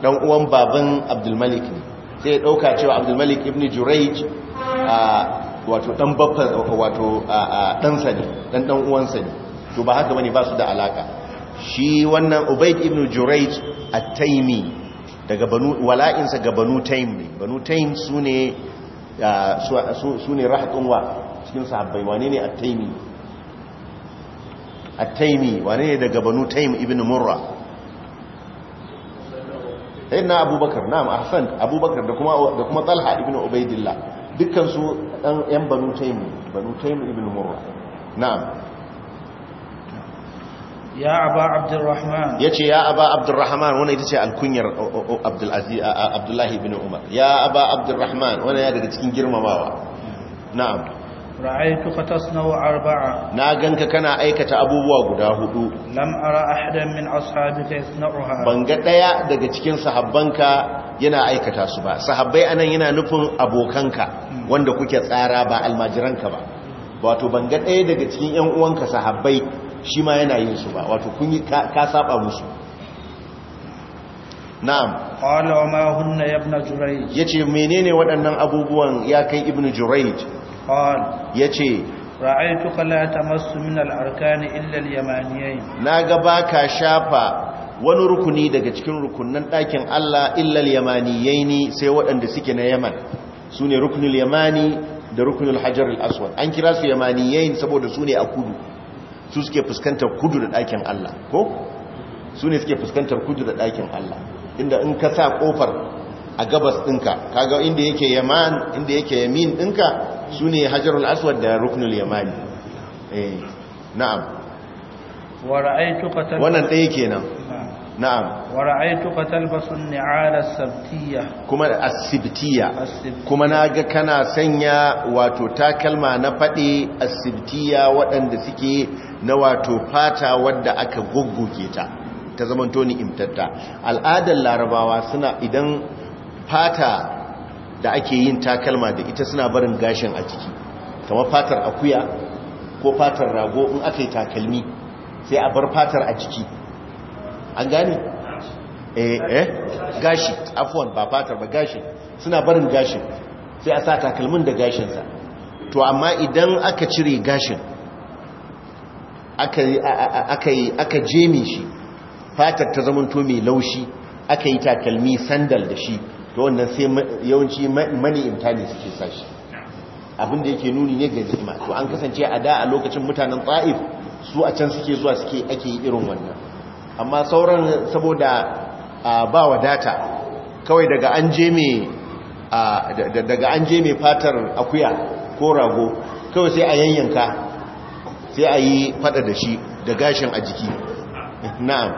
dan uwan baban abdulmalik ne sai dauka cewa abdulmalik ibn juraij wato dan babban wato dan sani dan dan uwansa ne to ba haka bane ba su da alaka shi wannan ubaid ibn jurayj at-taimi daga banu wala'insa ga banu taimi. banu taim sune uh, sune rahatun wa cikin sahabbai wane ne at-taimi at-taimi wane ne daga banu taim ibn murra sayyidina abubakar na'am ahsan abubakar da kuma da kuma talha ibn ubaidillah dukkan su yan banu taim banu taim ibn murra na'am ya aba abdurrahman ya ce ya aba abdurrahman wani ita ce alkunyar abdullahi bin umar ya aba abdurrahman wani ya daga cikin girmamawa na'am ra'aytuka tasna'u arba'a na ganka kana aikata abubuwa guda hudu lam ara ahadan min ashabika yasna'uha ban ga daya daga cikin sahabbanka yana aikata su ba sahabbai anan yana nufin abokanka hmm. wanda kuke tsara ba almajiranka ba wato ban ga daya daga cikin yan uwanka sahabbai shi ma yana yin su ba wato kun yi ka saba musu na'am qala ma hunna ya jurayj yace menene waɗannan abubuwan ya kai ibn jurayj qala yace ra'aytuka la masu min al-arkan illa al-yamaniyayn naga baka shafa wani rukuni daga cikin rukunan ɗakin Allah illal yamaniyai ni sai waɗanda suke na Yaman ne rukunin yamani da rukunin hajar al an kira su yamaniyai saboda su ne a kudu su suke fuskantar kudu da ɗakin Allah ko su ne suke fuskantar kudu da ɗakin Allah inda in ka sa ƙofar a gabas ɗinka kaga inda yake yaman inda yake yamin ɗinka su ne hajarul aswad da rukunul yamani eh, na'am wannan ɗaya kenan ah. na'am wa ra'aytuka talbasu ni'ala sabtiyya kuma as-sibtiyya kuma naga kana sanya wato takalma na faɗe as-sibtiyya waɗanda suke na wato fata wadda aka goggoge ta ta zamanto ni imtatta al'adar larabawa suna idan fata da ake yin takalma da ita suna barin gashin a ciki kama fatar akuya ko fatar rago in aka yi takalmi sai a bar fatar a ciki an gane eh eh gashi afwan ba fatar ba gashi suna barin gashi sai a sa takalmin da gashin sa to amma idan aka cire gashin aka jemi shi fatar ta zama to mai laushi aka yi takalmi sandal da shi to wannan sai yawanci mani imtani suke sashi abinda yake nuni ne ga zima to an kasance a da a lokacin mutanen tsa'if su a can suke zuwa suke ake yi irin wannan amma sauran saboda ba wadata kawai daga an je mai daga an je fatar akuya ko rago kawai sai a yanyanka sai a yi fada da shi da gashin a jiki na'am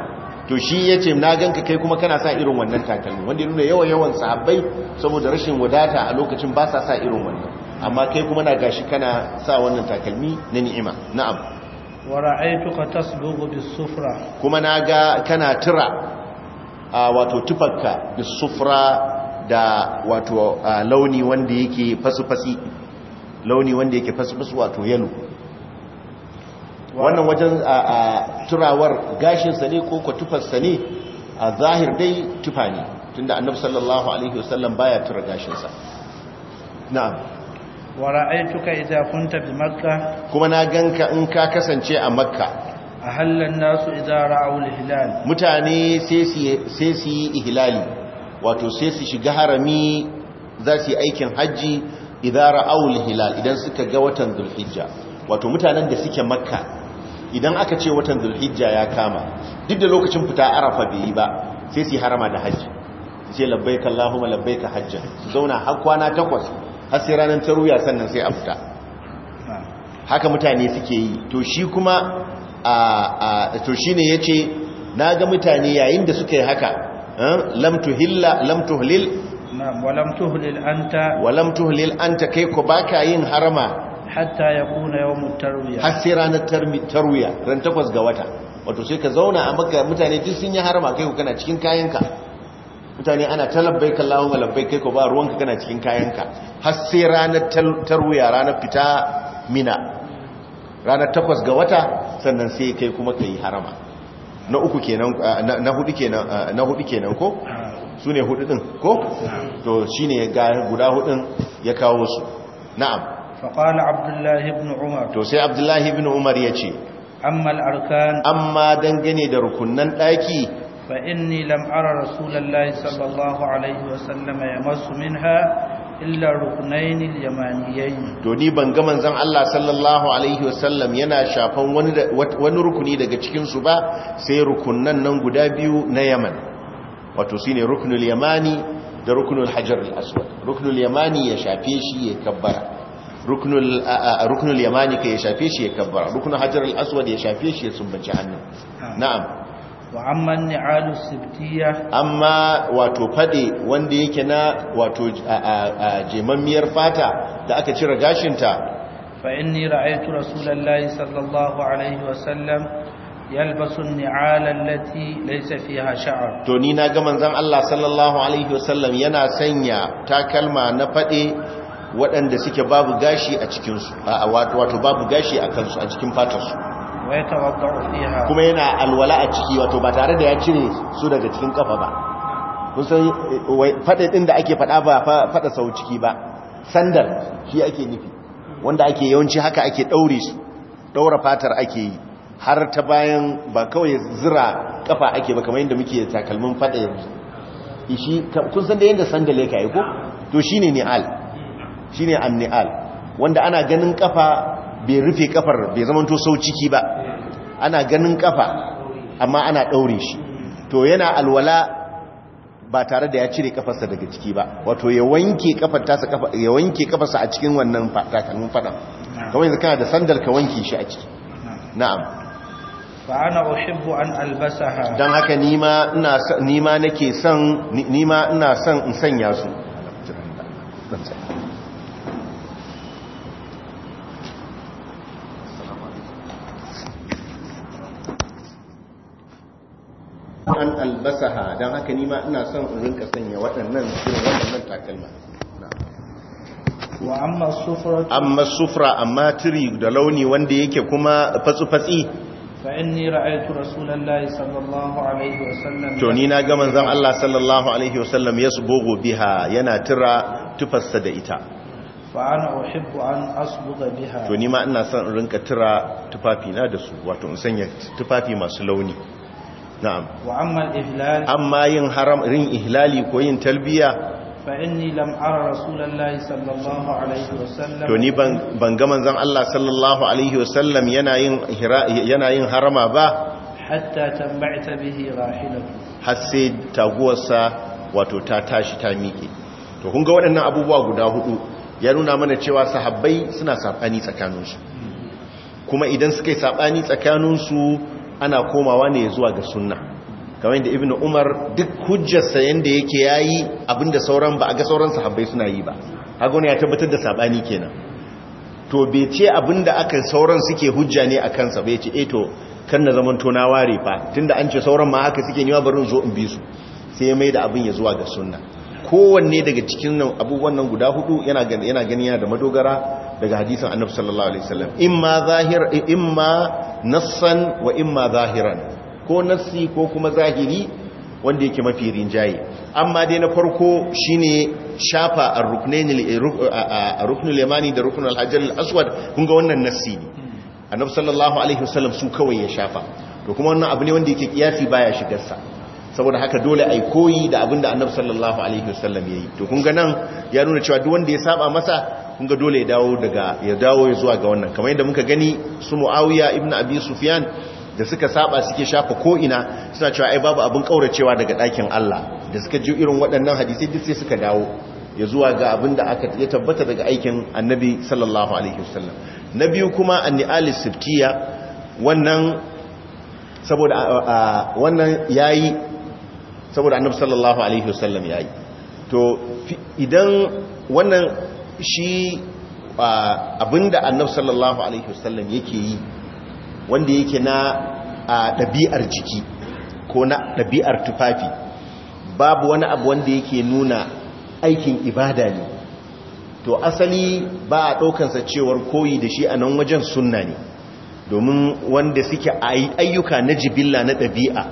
to shi ya ce na ganka kai kuma kana sa irin wannan takalmi wanda ya nuna yawan yawan sahabbai saboda rashin wadata a lokacin ba sa sa irin wannan amma kai kuma na gashi kana sa wannan takalmi na ni'ima na'am wa ra'aytuka tasbughu bis-sufra kuma naga kana tira wato tufarka bis-sufra da wato launi wanda yake fasufasi launi wanda yake fasufasi wato yalo wannan wajen turawar gashinsa ne ko tufarsa ne a zahir dai tufa ne tunda annabi sallallahu alaihi wasallam baya tura gashinsa na'am wa ra'aytuka idza kunta bi makkah kuma na ganka in ka kasance a makka A ahallan nasu idza ra'u al-hilal mutane sai su sai yi ihlali wato sai su shiga harami za su yi aikin haji idza ra'u al-hilal idan suka ga watan dhulhijja wato mutanen da suke makka idan aka ce watan dhulhijja ya kama duk da lokacin fita arafa bai yi ba sai su harama da haji sai labbaika allahumma labbaika hajjan su zauna har kwana takwas har sai ranar taruya sannan sai afta haka mutane suke yi to shi kuma a to shine yace naga mutane yayin da suka yi haka eh, lam tuhilla lam tuhlil na'am walam tuhlil anta walam tuhlil anta kai ko baka yin harama hatta ya kuna yawon tarwiya har sai ranar tarwiya ran takwas ga wata wato sai ka zauna a maka mutane duk sun yi harama kai kana cikin kayanka mutane ana talabbai kallahun labbai kai ko ba ruwanka kana cikin kayanka har sai ranar tarwiya ranar fita mina ranar takwas ga wata sannan sai kai kuma ka yi harama na uku kenan na hudu kenan na hudu kenan ko su ne hudu din ko to shi ne guda hudun ya kawo su na'am faƙala abdullahi ibn umar to sai abdullahi ibn umar ya ce amma amma dangane da rukunan ɗaki فإني لم أرى رسول الله صلى الله عليه وسلم يمس منها إلا ركنين اليمانيين ban ga manzon Allah sallallahu alaihi wasallam yana shafan wani wani rukuni daga cikin su ba sai rukunan nan guda biyu na Yaman wato shine ruknul yamani da ruknul hajar al-aswad ruknul yamani ya shafe shi ya kabbara ruknul ruknul yamani ka ya shafe shi ya kabbara ruknul hajar al-aswad ya shafe shi ya sumbace hannu ah. na'am وعما النعال السبتية أما واتو yake na كنا fata da aka cira gashinta. تشير غاشنتا فإني to ni na ga manzon Allah sallallahu alaihi wasallam yana sanya takalma na fade waɗanda suke babu gashi a cikin su wato babu gashi a kansu a cikin fatar su kuma yana alwala a ciki wato ba tare da ya cire su daga cikin kafa ba kusan faɗa ɗin da ake faɗa ba faɗa sau ciki ba sandal shi ake nufi wanda ake yawanci haka ake ɗaure su ɗaura fatar ake yi har ta bayan ba kawai zira kafa ake ba kamar yadda muke takalmin faɗa yanzu shi kun san da yadda sandal yake ko to shine ni'al shine amni'al wanda ana ganin kafa bai rufe kafar bai zamanto sau ciki ba ana ganin kafa amma ana ɗaure shi to yana alwala ba tare da ya cire kafarsa daga ciki ba wato ya wanke kafarsa a cikin wannan takalmin fadan kawai yanzu kana da sandar ka wanke shi a ciki na'am fa ana uhibbu an albasaha dan haka nima ina nima nake son nima ina son in sanya su albasaha don haka nima ina son in rinka sanya waɗannan irin waɗannan takalma wa amma sufra amma sufra amma tiri da launi wanda yake kuma fatsu-fatsi fa inni ra'aytu rasulullahi sallallahu alaihi wasallam to ni na ga manzon Allah sallallahu alaihi wasallam yasbugu biha yana tira tufarsa da ita fa'ana uhibbu an asbuga biha to ni ma ina son in rinka tira tufafi na da su wato in sanya tufafi masu launi na'am wa amma al-ihlal amma yin haram rin ihlali ko yin talbiya fa inni lam ara rasulullahi sallallahu alaihi wasallam to ni ban ban ga manzon Allah sallallahu alaihi wasallam yana yin yana yin harama ba hatta tamba'ta bihi rahilatu har sai taguwarsa wato ta tashi ta miƙe to kun ga waɗannan abubuwa guda hudu ya nuna mana cewa sahabbai suna sabani tsakaninsu kuma idan suka yi sabani tsakaninsu ana komawa ne zuwa ga sunna kamar yadda ibnu umar duk hujjarsa yadda yake yayi abinda sauran ba a ga sauran sahabbai suna yi ba ne ya tabbatar da sabani kenan to bai ce abinda aka sauran suke hujja ne a kansa bai ce eto eh kan na zaman to na ware fa tunda an ce sauran ma haka suke niwa barin zo in bi su sai mai da abin ya zuwa ga sunna kowanne daga cikin nan abubuwan nan guda hudu yana gani yana gani yana da madogara daga hadisin annabi sallallahu alaihi wasallam imma zahir imma nassan wa imma zahiran ko nassi ko kuma zahiri wanda yake mafi rinjaye amma dai na farko shine shafa ar al yamani da al hajar al-aswad kun ga wannan nassi ne annabi sallallahu alaihi wasallam su kawai ya shafa to kuma wannan abu ne wanda yake kiyasi baya shigar sa saboda haka dole ai koyi da abinda annabi sallallahu alaihi wasallam yayi to kun ga nan ya nuna cewa duk wanda ya saba masa kun ga dole ya dawo daga ya dawo ya zuwa ga wannan kamar yadda muka gani su muawiya ibn abi sufyan da suka saba suke shafa ko ina suna cewa ai babu abin kauracewa daga ɗakin Allah da suka ji irin waɗannan hadisai duk sai suka dawo ya zuwa ga abin da aka ya tabbata daga aikin annabi sallallahu alaihi wasallam na biyu kuma anni'al sibtiya wannan saboda wannan yayi saboda annabi sallallahu alaihi wasallam yayi to idan wannan shi abinda annabi sallallahu alaihi wasallam yake yi wanda yake na ɗabi'ar jiki ko na ɗabi'ar tufafi babu wani abu wanda yake nuna aikin ibada ne to asali ba a ɗaukansa cewar koyi da shi a nan wajen sunna ne domin wanda suke ayyuka na jibilla na ɗabi'a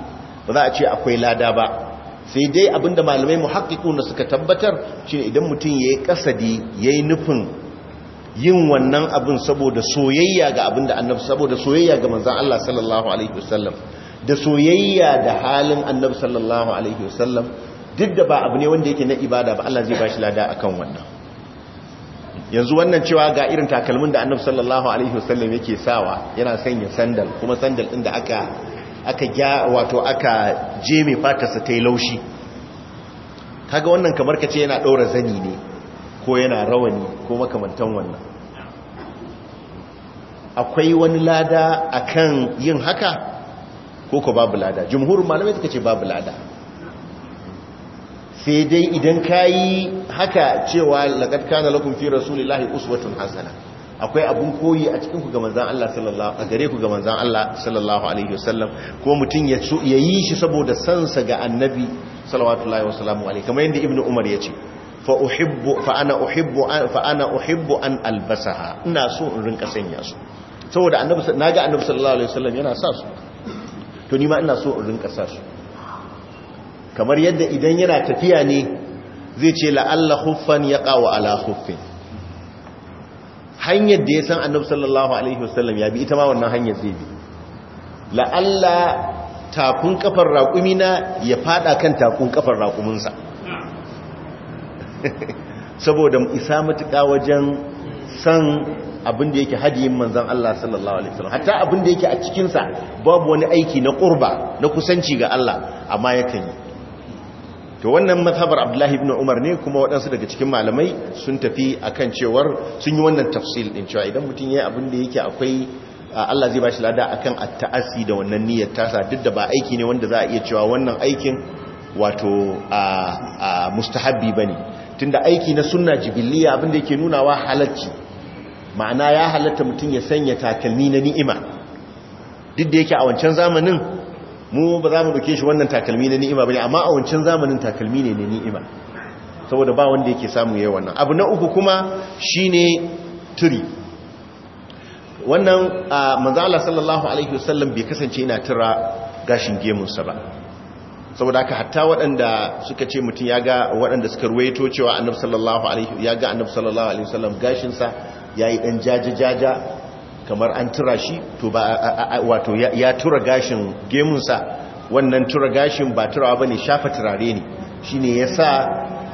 ba za a ce akwai lada ba sai dai abinda malamai mu na suka tabbatar shine idan mutum ya yayi kasadi yi nufin yin wannan abin saboda soyayya ga abinda annabi saboda soyayya ga manzan Allah sallallahu alaihi wasallam da soyayya da halin annabi sallallahu alaihi wasallam duk da ba abu ne wanda yake na ibada ba Allah zai bashi lada akan wannan yanzu wannan cewa ga irin takalmin da annabi sallallahu alaihi wasallam yake sawa yana sanya sandal kuma sandal ɗin da aka aka gya wato aka je mai fatarsa ta yi laushi kaga wannan kamar ka ce yana ɗaura zani ne ko yana rawani ko makamantan wannan akwai wani lada akan yin haka ko ka babu lada jumhurin malamai suka ce babu lada sai dai idan ka yi haka cewa laqad kana lakum rasulullahi rasulillahi uswatun hasana akwai abun koyi a cikin ku ga manzan Allah sallallahu a gare ku ga manzan Allah sallallahu alaihi wasallam kuma mutum ya so ya yi shi saboda sansa ga annabi sallallahu alaihi wasallam kamar yadda ibnu umar ya ce fa uhibbu fa ana uhibbu fa ana uhibbu an albasaha ina so in rinka sanya su saboda annabi naga annabi sallallahu alaihi wasallam yana sa su to ni ma ina so in rinka sa su kamar yadda idan yana tafiya ne zai ce la'alla khuffan ya wa ala khuffin hanyar da ya san annabi sallallahu alaihi wasallam ya bi ita ma wannan hanyar zai bi la'alla takun kafar raƙumina ya fada kan takun kafar raƙuminsa saboda isa matuƙa wajen san abin da yake hadiyin manzan Allah sallallahu alaihi wasallam hatta abin da yake a cikinsa babu wani aiki na ƙurba na kusanci ga Allah amma yakan yi to wannan mazhabar abdullahi ibn umar ne kuma waɗansu daga cikin malamai sun tafi akan cewar sun yi wannan tafsil din cewa idan mutum ya yi abin da yake akwai Allah zai ba shi lada akan ta'asi da wannan niyyar tasa duk da ba aiki ne wanda za a iya cewa wannan aikin wato a mustahabbi bane tunda aiki na sunna jibiliya abin da yake nunawa halacci ma'ana ya halarta mutum ya sanya takalmi na ni'ima duk da yake a wancan zamanin mu ba za mu dauke shi wannan takalmi na ni'ima bane amma a wancan zamanin takalmi ne na ni'ima saboda ba wanda yake samu yayin wannan abu na uku kuma shine turi wannan manzo Allah sallallahu alaihi wasallam bai kasance yana tura gashin gemun sa ba saboda haka hatta waɗanda suka ce mutum ya ga waɗanda suka ruwaito cewa annabi sallallahu alaihi ya ga annabi sallallahu alaihi wasallam sa yayi dan jaja jaja kamar an tura shi to ba wato ya tura gashin gemunsa wannan tura gashin ba turawa ba ne shafa turare ne ya sa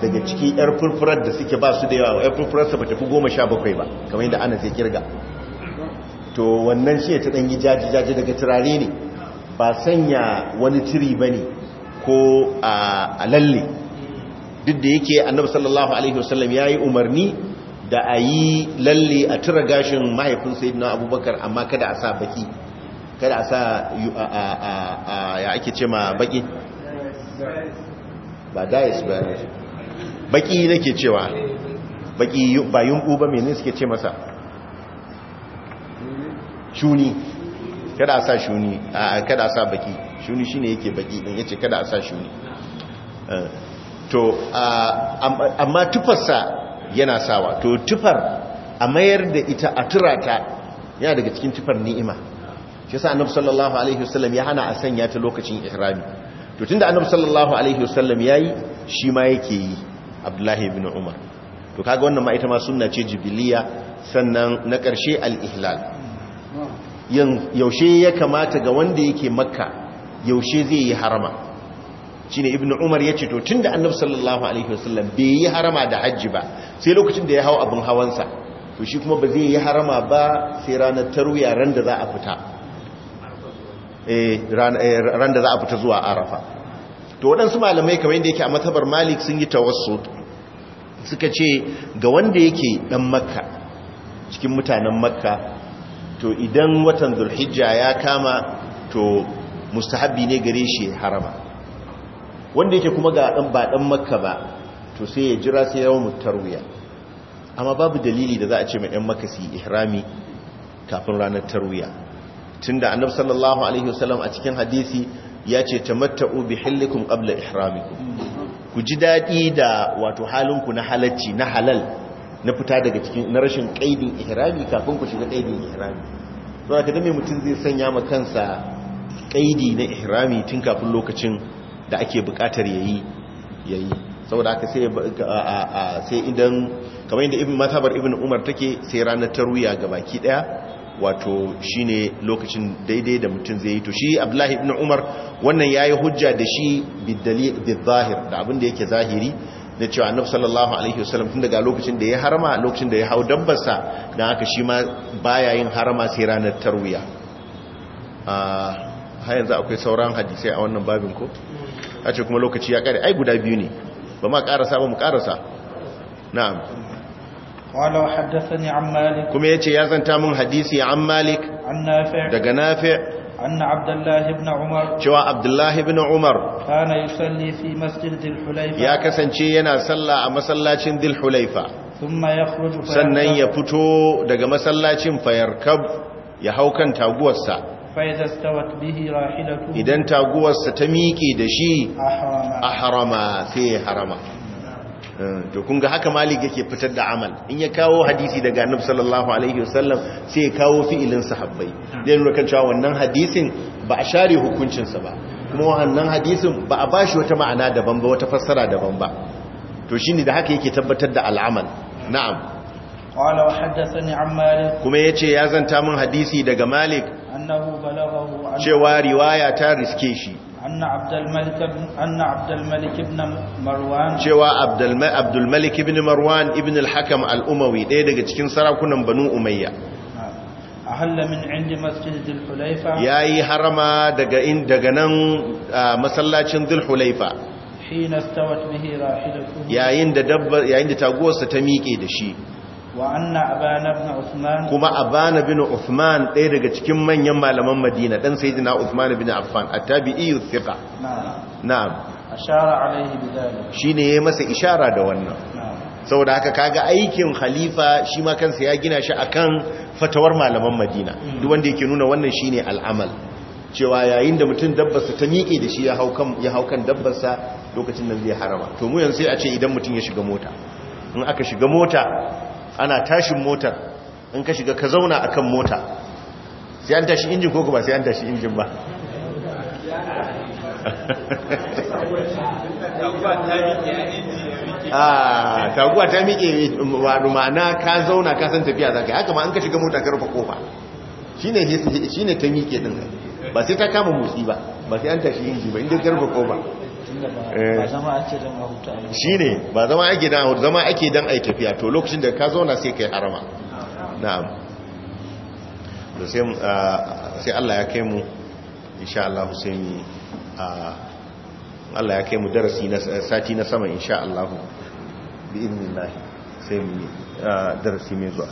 daga ciki yar furfurar da suke ba su da yawa yar furfurarsa ba tafi goma sha bakwai ba kamar yadda ana sai kirga to wannan shi ta ɗanyi jaji-jaji daga turare ne ba sanya wani tiri ba ne ko a lalle duk da yake annabi sallallahu alaihi wasallam ya yi umarni da a yi lalle a tura gashin mahaifin na abubakar amma kada a sa baki kada a sa ya ake ce ma baki ba dais ba ne baki nake cewa baki bayan yunku menene suke ce masa shuni kada a sa shuni kada a sa baki shuni shine yake baki din yace kada a sa shuni eh. to amma tufarsa yana sawa to tufar a mayar da ita a turata yana daga cikin tufar ni'ima shi sa annabi sallallahu alaihi wasallam ya hana a sanya ta lokacin ihrami to tunda annabi sallallahu alaihi wasallam yayi shi ma yake yi abdullahi ibn umar to kaga wannan ma ita ma sunna ce jibiliya sannan na karshe al-ihlal yaushe ya kamata ga wanda yake makka yaushe zai yi harama shine ibnu umar yace to tunda annabi sallallahu alaihi wasallam bai yi harama da hajji ba sai lokacin da ya hau abin hawansa to shi kuma ba zai yi harama ba sai ranar tarwiya ran da za a fita eh, eh, ran da za a fita zuwa arafa to waɗansu malamai kamar yadda yake a matabar malik sun yi ta tawassut suka ce ga wanda yake ɗan makka cikin mutanen makka to idan watan zulhijja ya kama to mustahabbi ne gare shi harama wanda yake kuma ga dan ba dan makka ba to sai ya jira sai yawon tarwiya amma babu dalili da za a ce mai ɗan makka su ihrami kafin ranar tarwiya tunda annabi sallallahu alaihi wasallam a cikin hadisi ya ce tamatta'u bi hillikum qabla ihramikum ku ji daɗi da wato halinku na halacci na halal na fita daga cikin na rashin ƙaidin ihrami kafin ku shiga ƙaidin ihrami to kada mai mutum zai sanya ma kansa ƙaidi na ihrami tun kafin lokacin da ake bukatar yayi yayi saboda aka sai sai idan kamar yadda ibn matabar ibn umar take sai ranar tarwiya gabaki daya wato shine lokacin daidai da mutum zai yi to shi abdullahi ibn umar wannan yayi hujja da shi bidalil da abin da yake zahiri da cewa annabi sallallahu alaihi wasallam tun daga lokacin da ya harama lokacin da ya hau dabbarsa dan haka shi ma baya yin harama sai ranar tarwiya ah, har yanzu akwai sauran hadisai a wannan babin ko a ce kuma lokaci ya kare ai guda biyu ne ba ma karasa ba mu karasa na'am wala haddathani an malik kuma yace ya zanta mun hadisi an malik an nafi daga nafi anna Abdullahi ibn umar cewa Abdullahi ibn umar kana yusalli fi masjid dhul ya kasance yana sallah a masallacin dhul sannan ya fito daga masallacin fayarkab ya hau kan taguwarsa idan taguwarsa ta miƙe da shi a harama sai ya harama to kunga haka malik yake fitar da amal in ya kawo hadisi daga annabi sallallahu alaihi wasallam sai ya kawo fi'ilin sahabbai dai nuna kan cewa wannan hadisin ba a share hukuncinsa ba kuma wannan hadisin ba a bashi wata ma'ana daban ba wata fassara daban ba to shine da haka yake tabbatar da al'amal na'am qala wa haddathani an malik kuma yace ya zanta min hadisi daga malik annahu balaghahu cewa riwaya ta riske shi anna abdul malik anna abdul malik ibn marwan cewa abdul abdul malik ibn marwan ibn al-hakam al-umawi ɗaya daga cikin sarakunan banu umayya ahalla min indi masjid dhul Ya yayi harama daga in daga nan masallacin dhul-hulaifa yayin da dabbar yayin da taguwarsa ta miƙe da shi kuma abana bin Uthman ɗaya daga cikin manyan malaman madina ɗan sai jina Uthman bin Affan a A yuthiqa na'am ashara Shi ne shine yi masa ishara da wannan saboda haka kaga aikin khalifa shi ma kansa ya gina shi akan fatawar malaman madina hmm. duk wanda yake nuna wannan shi ne al'amal cewa yayin da mutum dabbarsa ta miƙe da shi ya haukan dabbarsa lokacin da zai harama to mu yanzu sai a ce idan mutum ya shiga mota in aka shiga mota ana tashin motar in ka shiga ka zauna a kan mota sai an tashi injin ko kuma sai an tashi injin ba ah, taguwa ta miƙe waɗu rumana ka zauna ka san tafiya za haka ma an ka shiga mota ka rufe kofa shi ne ta miƙe ɗin ba sai ta kama motsi ba ba sai an tashi inji ba inda ka rufe kofa Eh. ne ba zama ake dan hutu zama ake dan ai tafiya to lokacin da ka zauna sai ka yi harama na'am da sai Allah ya kai mu insha Allah sai mu Allah ya kai mu darasi na sati na sama insha Allah bi idnillah sai mu darasi mai zuwa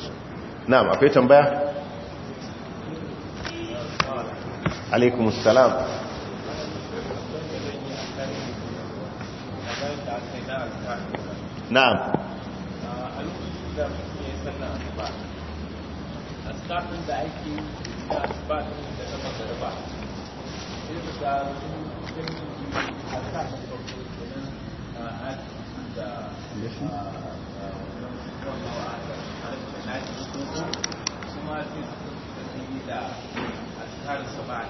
na'am akwai tambaya alaikumus salam na'am a da mutum ya sanna asuba asibafin da da da na a sa da farko kenan a hajji da kuma sai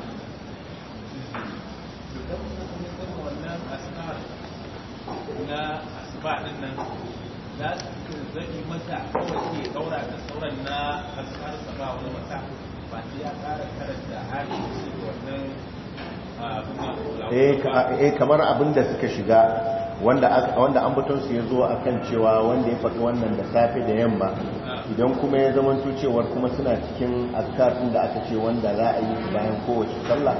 da na asuba din nan za su zai masa kawai ke daura da sauran na askar ba wani masa ba ta ya kara karanta hali shi wannan eh, eh kamar abin da suka shiga wanda wanda ambatonsu ya zo a kan cewa wanda ya faɗi wannan da safe da yamma idan kuma ya zama cewar kuma suna cikin azkar da aka ce wanda za a yi bayan kowace sallah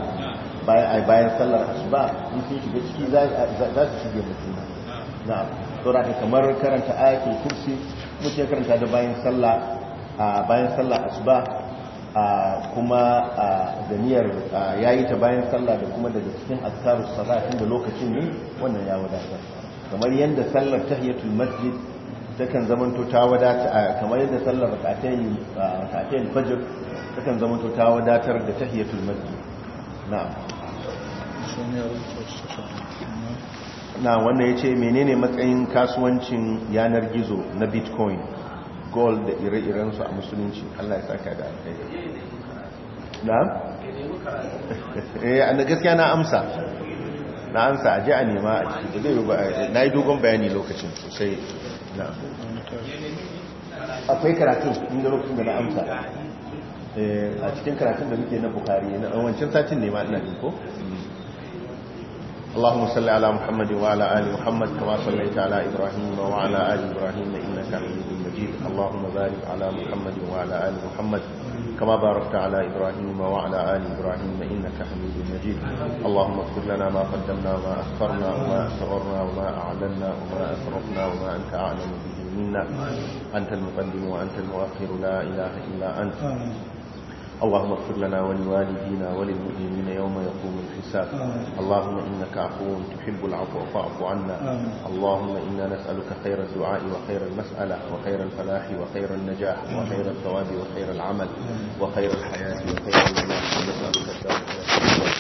bayan sallar asuba in sun shiga ciki za su shige mutum na'am to da kamar karanta ayatul kursi muke karanta da bayan sallah bayan sallah asuba kuma da ya yayi ta bayan sallah da kuma daga cikin asarar salatin da lokacin ne wannan ya wadatar kamar yanda sallar tahiyatul masjid takan zamanto ta wadata kamar yadda sallar rakatayn rakatayn fajr takan zamanto ta wadatar da tahiyatul masjid na'am na wanda ya ce menene matsayin kasuwancin yanar gizo na bitcoin gold da ire-irensu a musulunci allah ya saka da alkhairi na? eh na gaskiya na amsa na amsa a ji a nema a ciki da zai na yi dogon bayani lokacin sosai na akwai karatun inda lokacin da na amsa eh, a cikin karatun da muke na bukari na wancan satin nema ina ko? اللهم صل على محمد وعلى آل محمد كما صليت على إبراهيم وعلى آل إبراهيم إنك حميد مجيد اللهم بارك على محمد وعلى آل محمد كما باركت على إبراهيم وعلى آل إبراهيم إنك حميد مجيد اللهم اغفر لنا ما قدمنا وما أخرنا وما أسررنا وما أعلنا وما أسرفنا وما أنت أعلم به منا أنت المقدم وأنت المؤخر لا إله إلا أنت اللهم اغفر لنا ولوالدينا وللمؤمنين يوم يقوم الحساب اللهم إنك عفو تحب العفو فاعف عنا اللهم إنا نسألك خير الدعاء وخير المسألة وخير الفلاح وخير النجاح وخير الثواب وخير العمل وخير الحياة وخير الممات نسألك الدار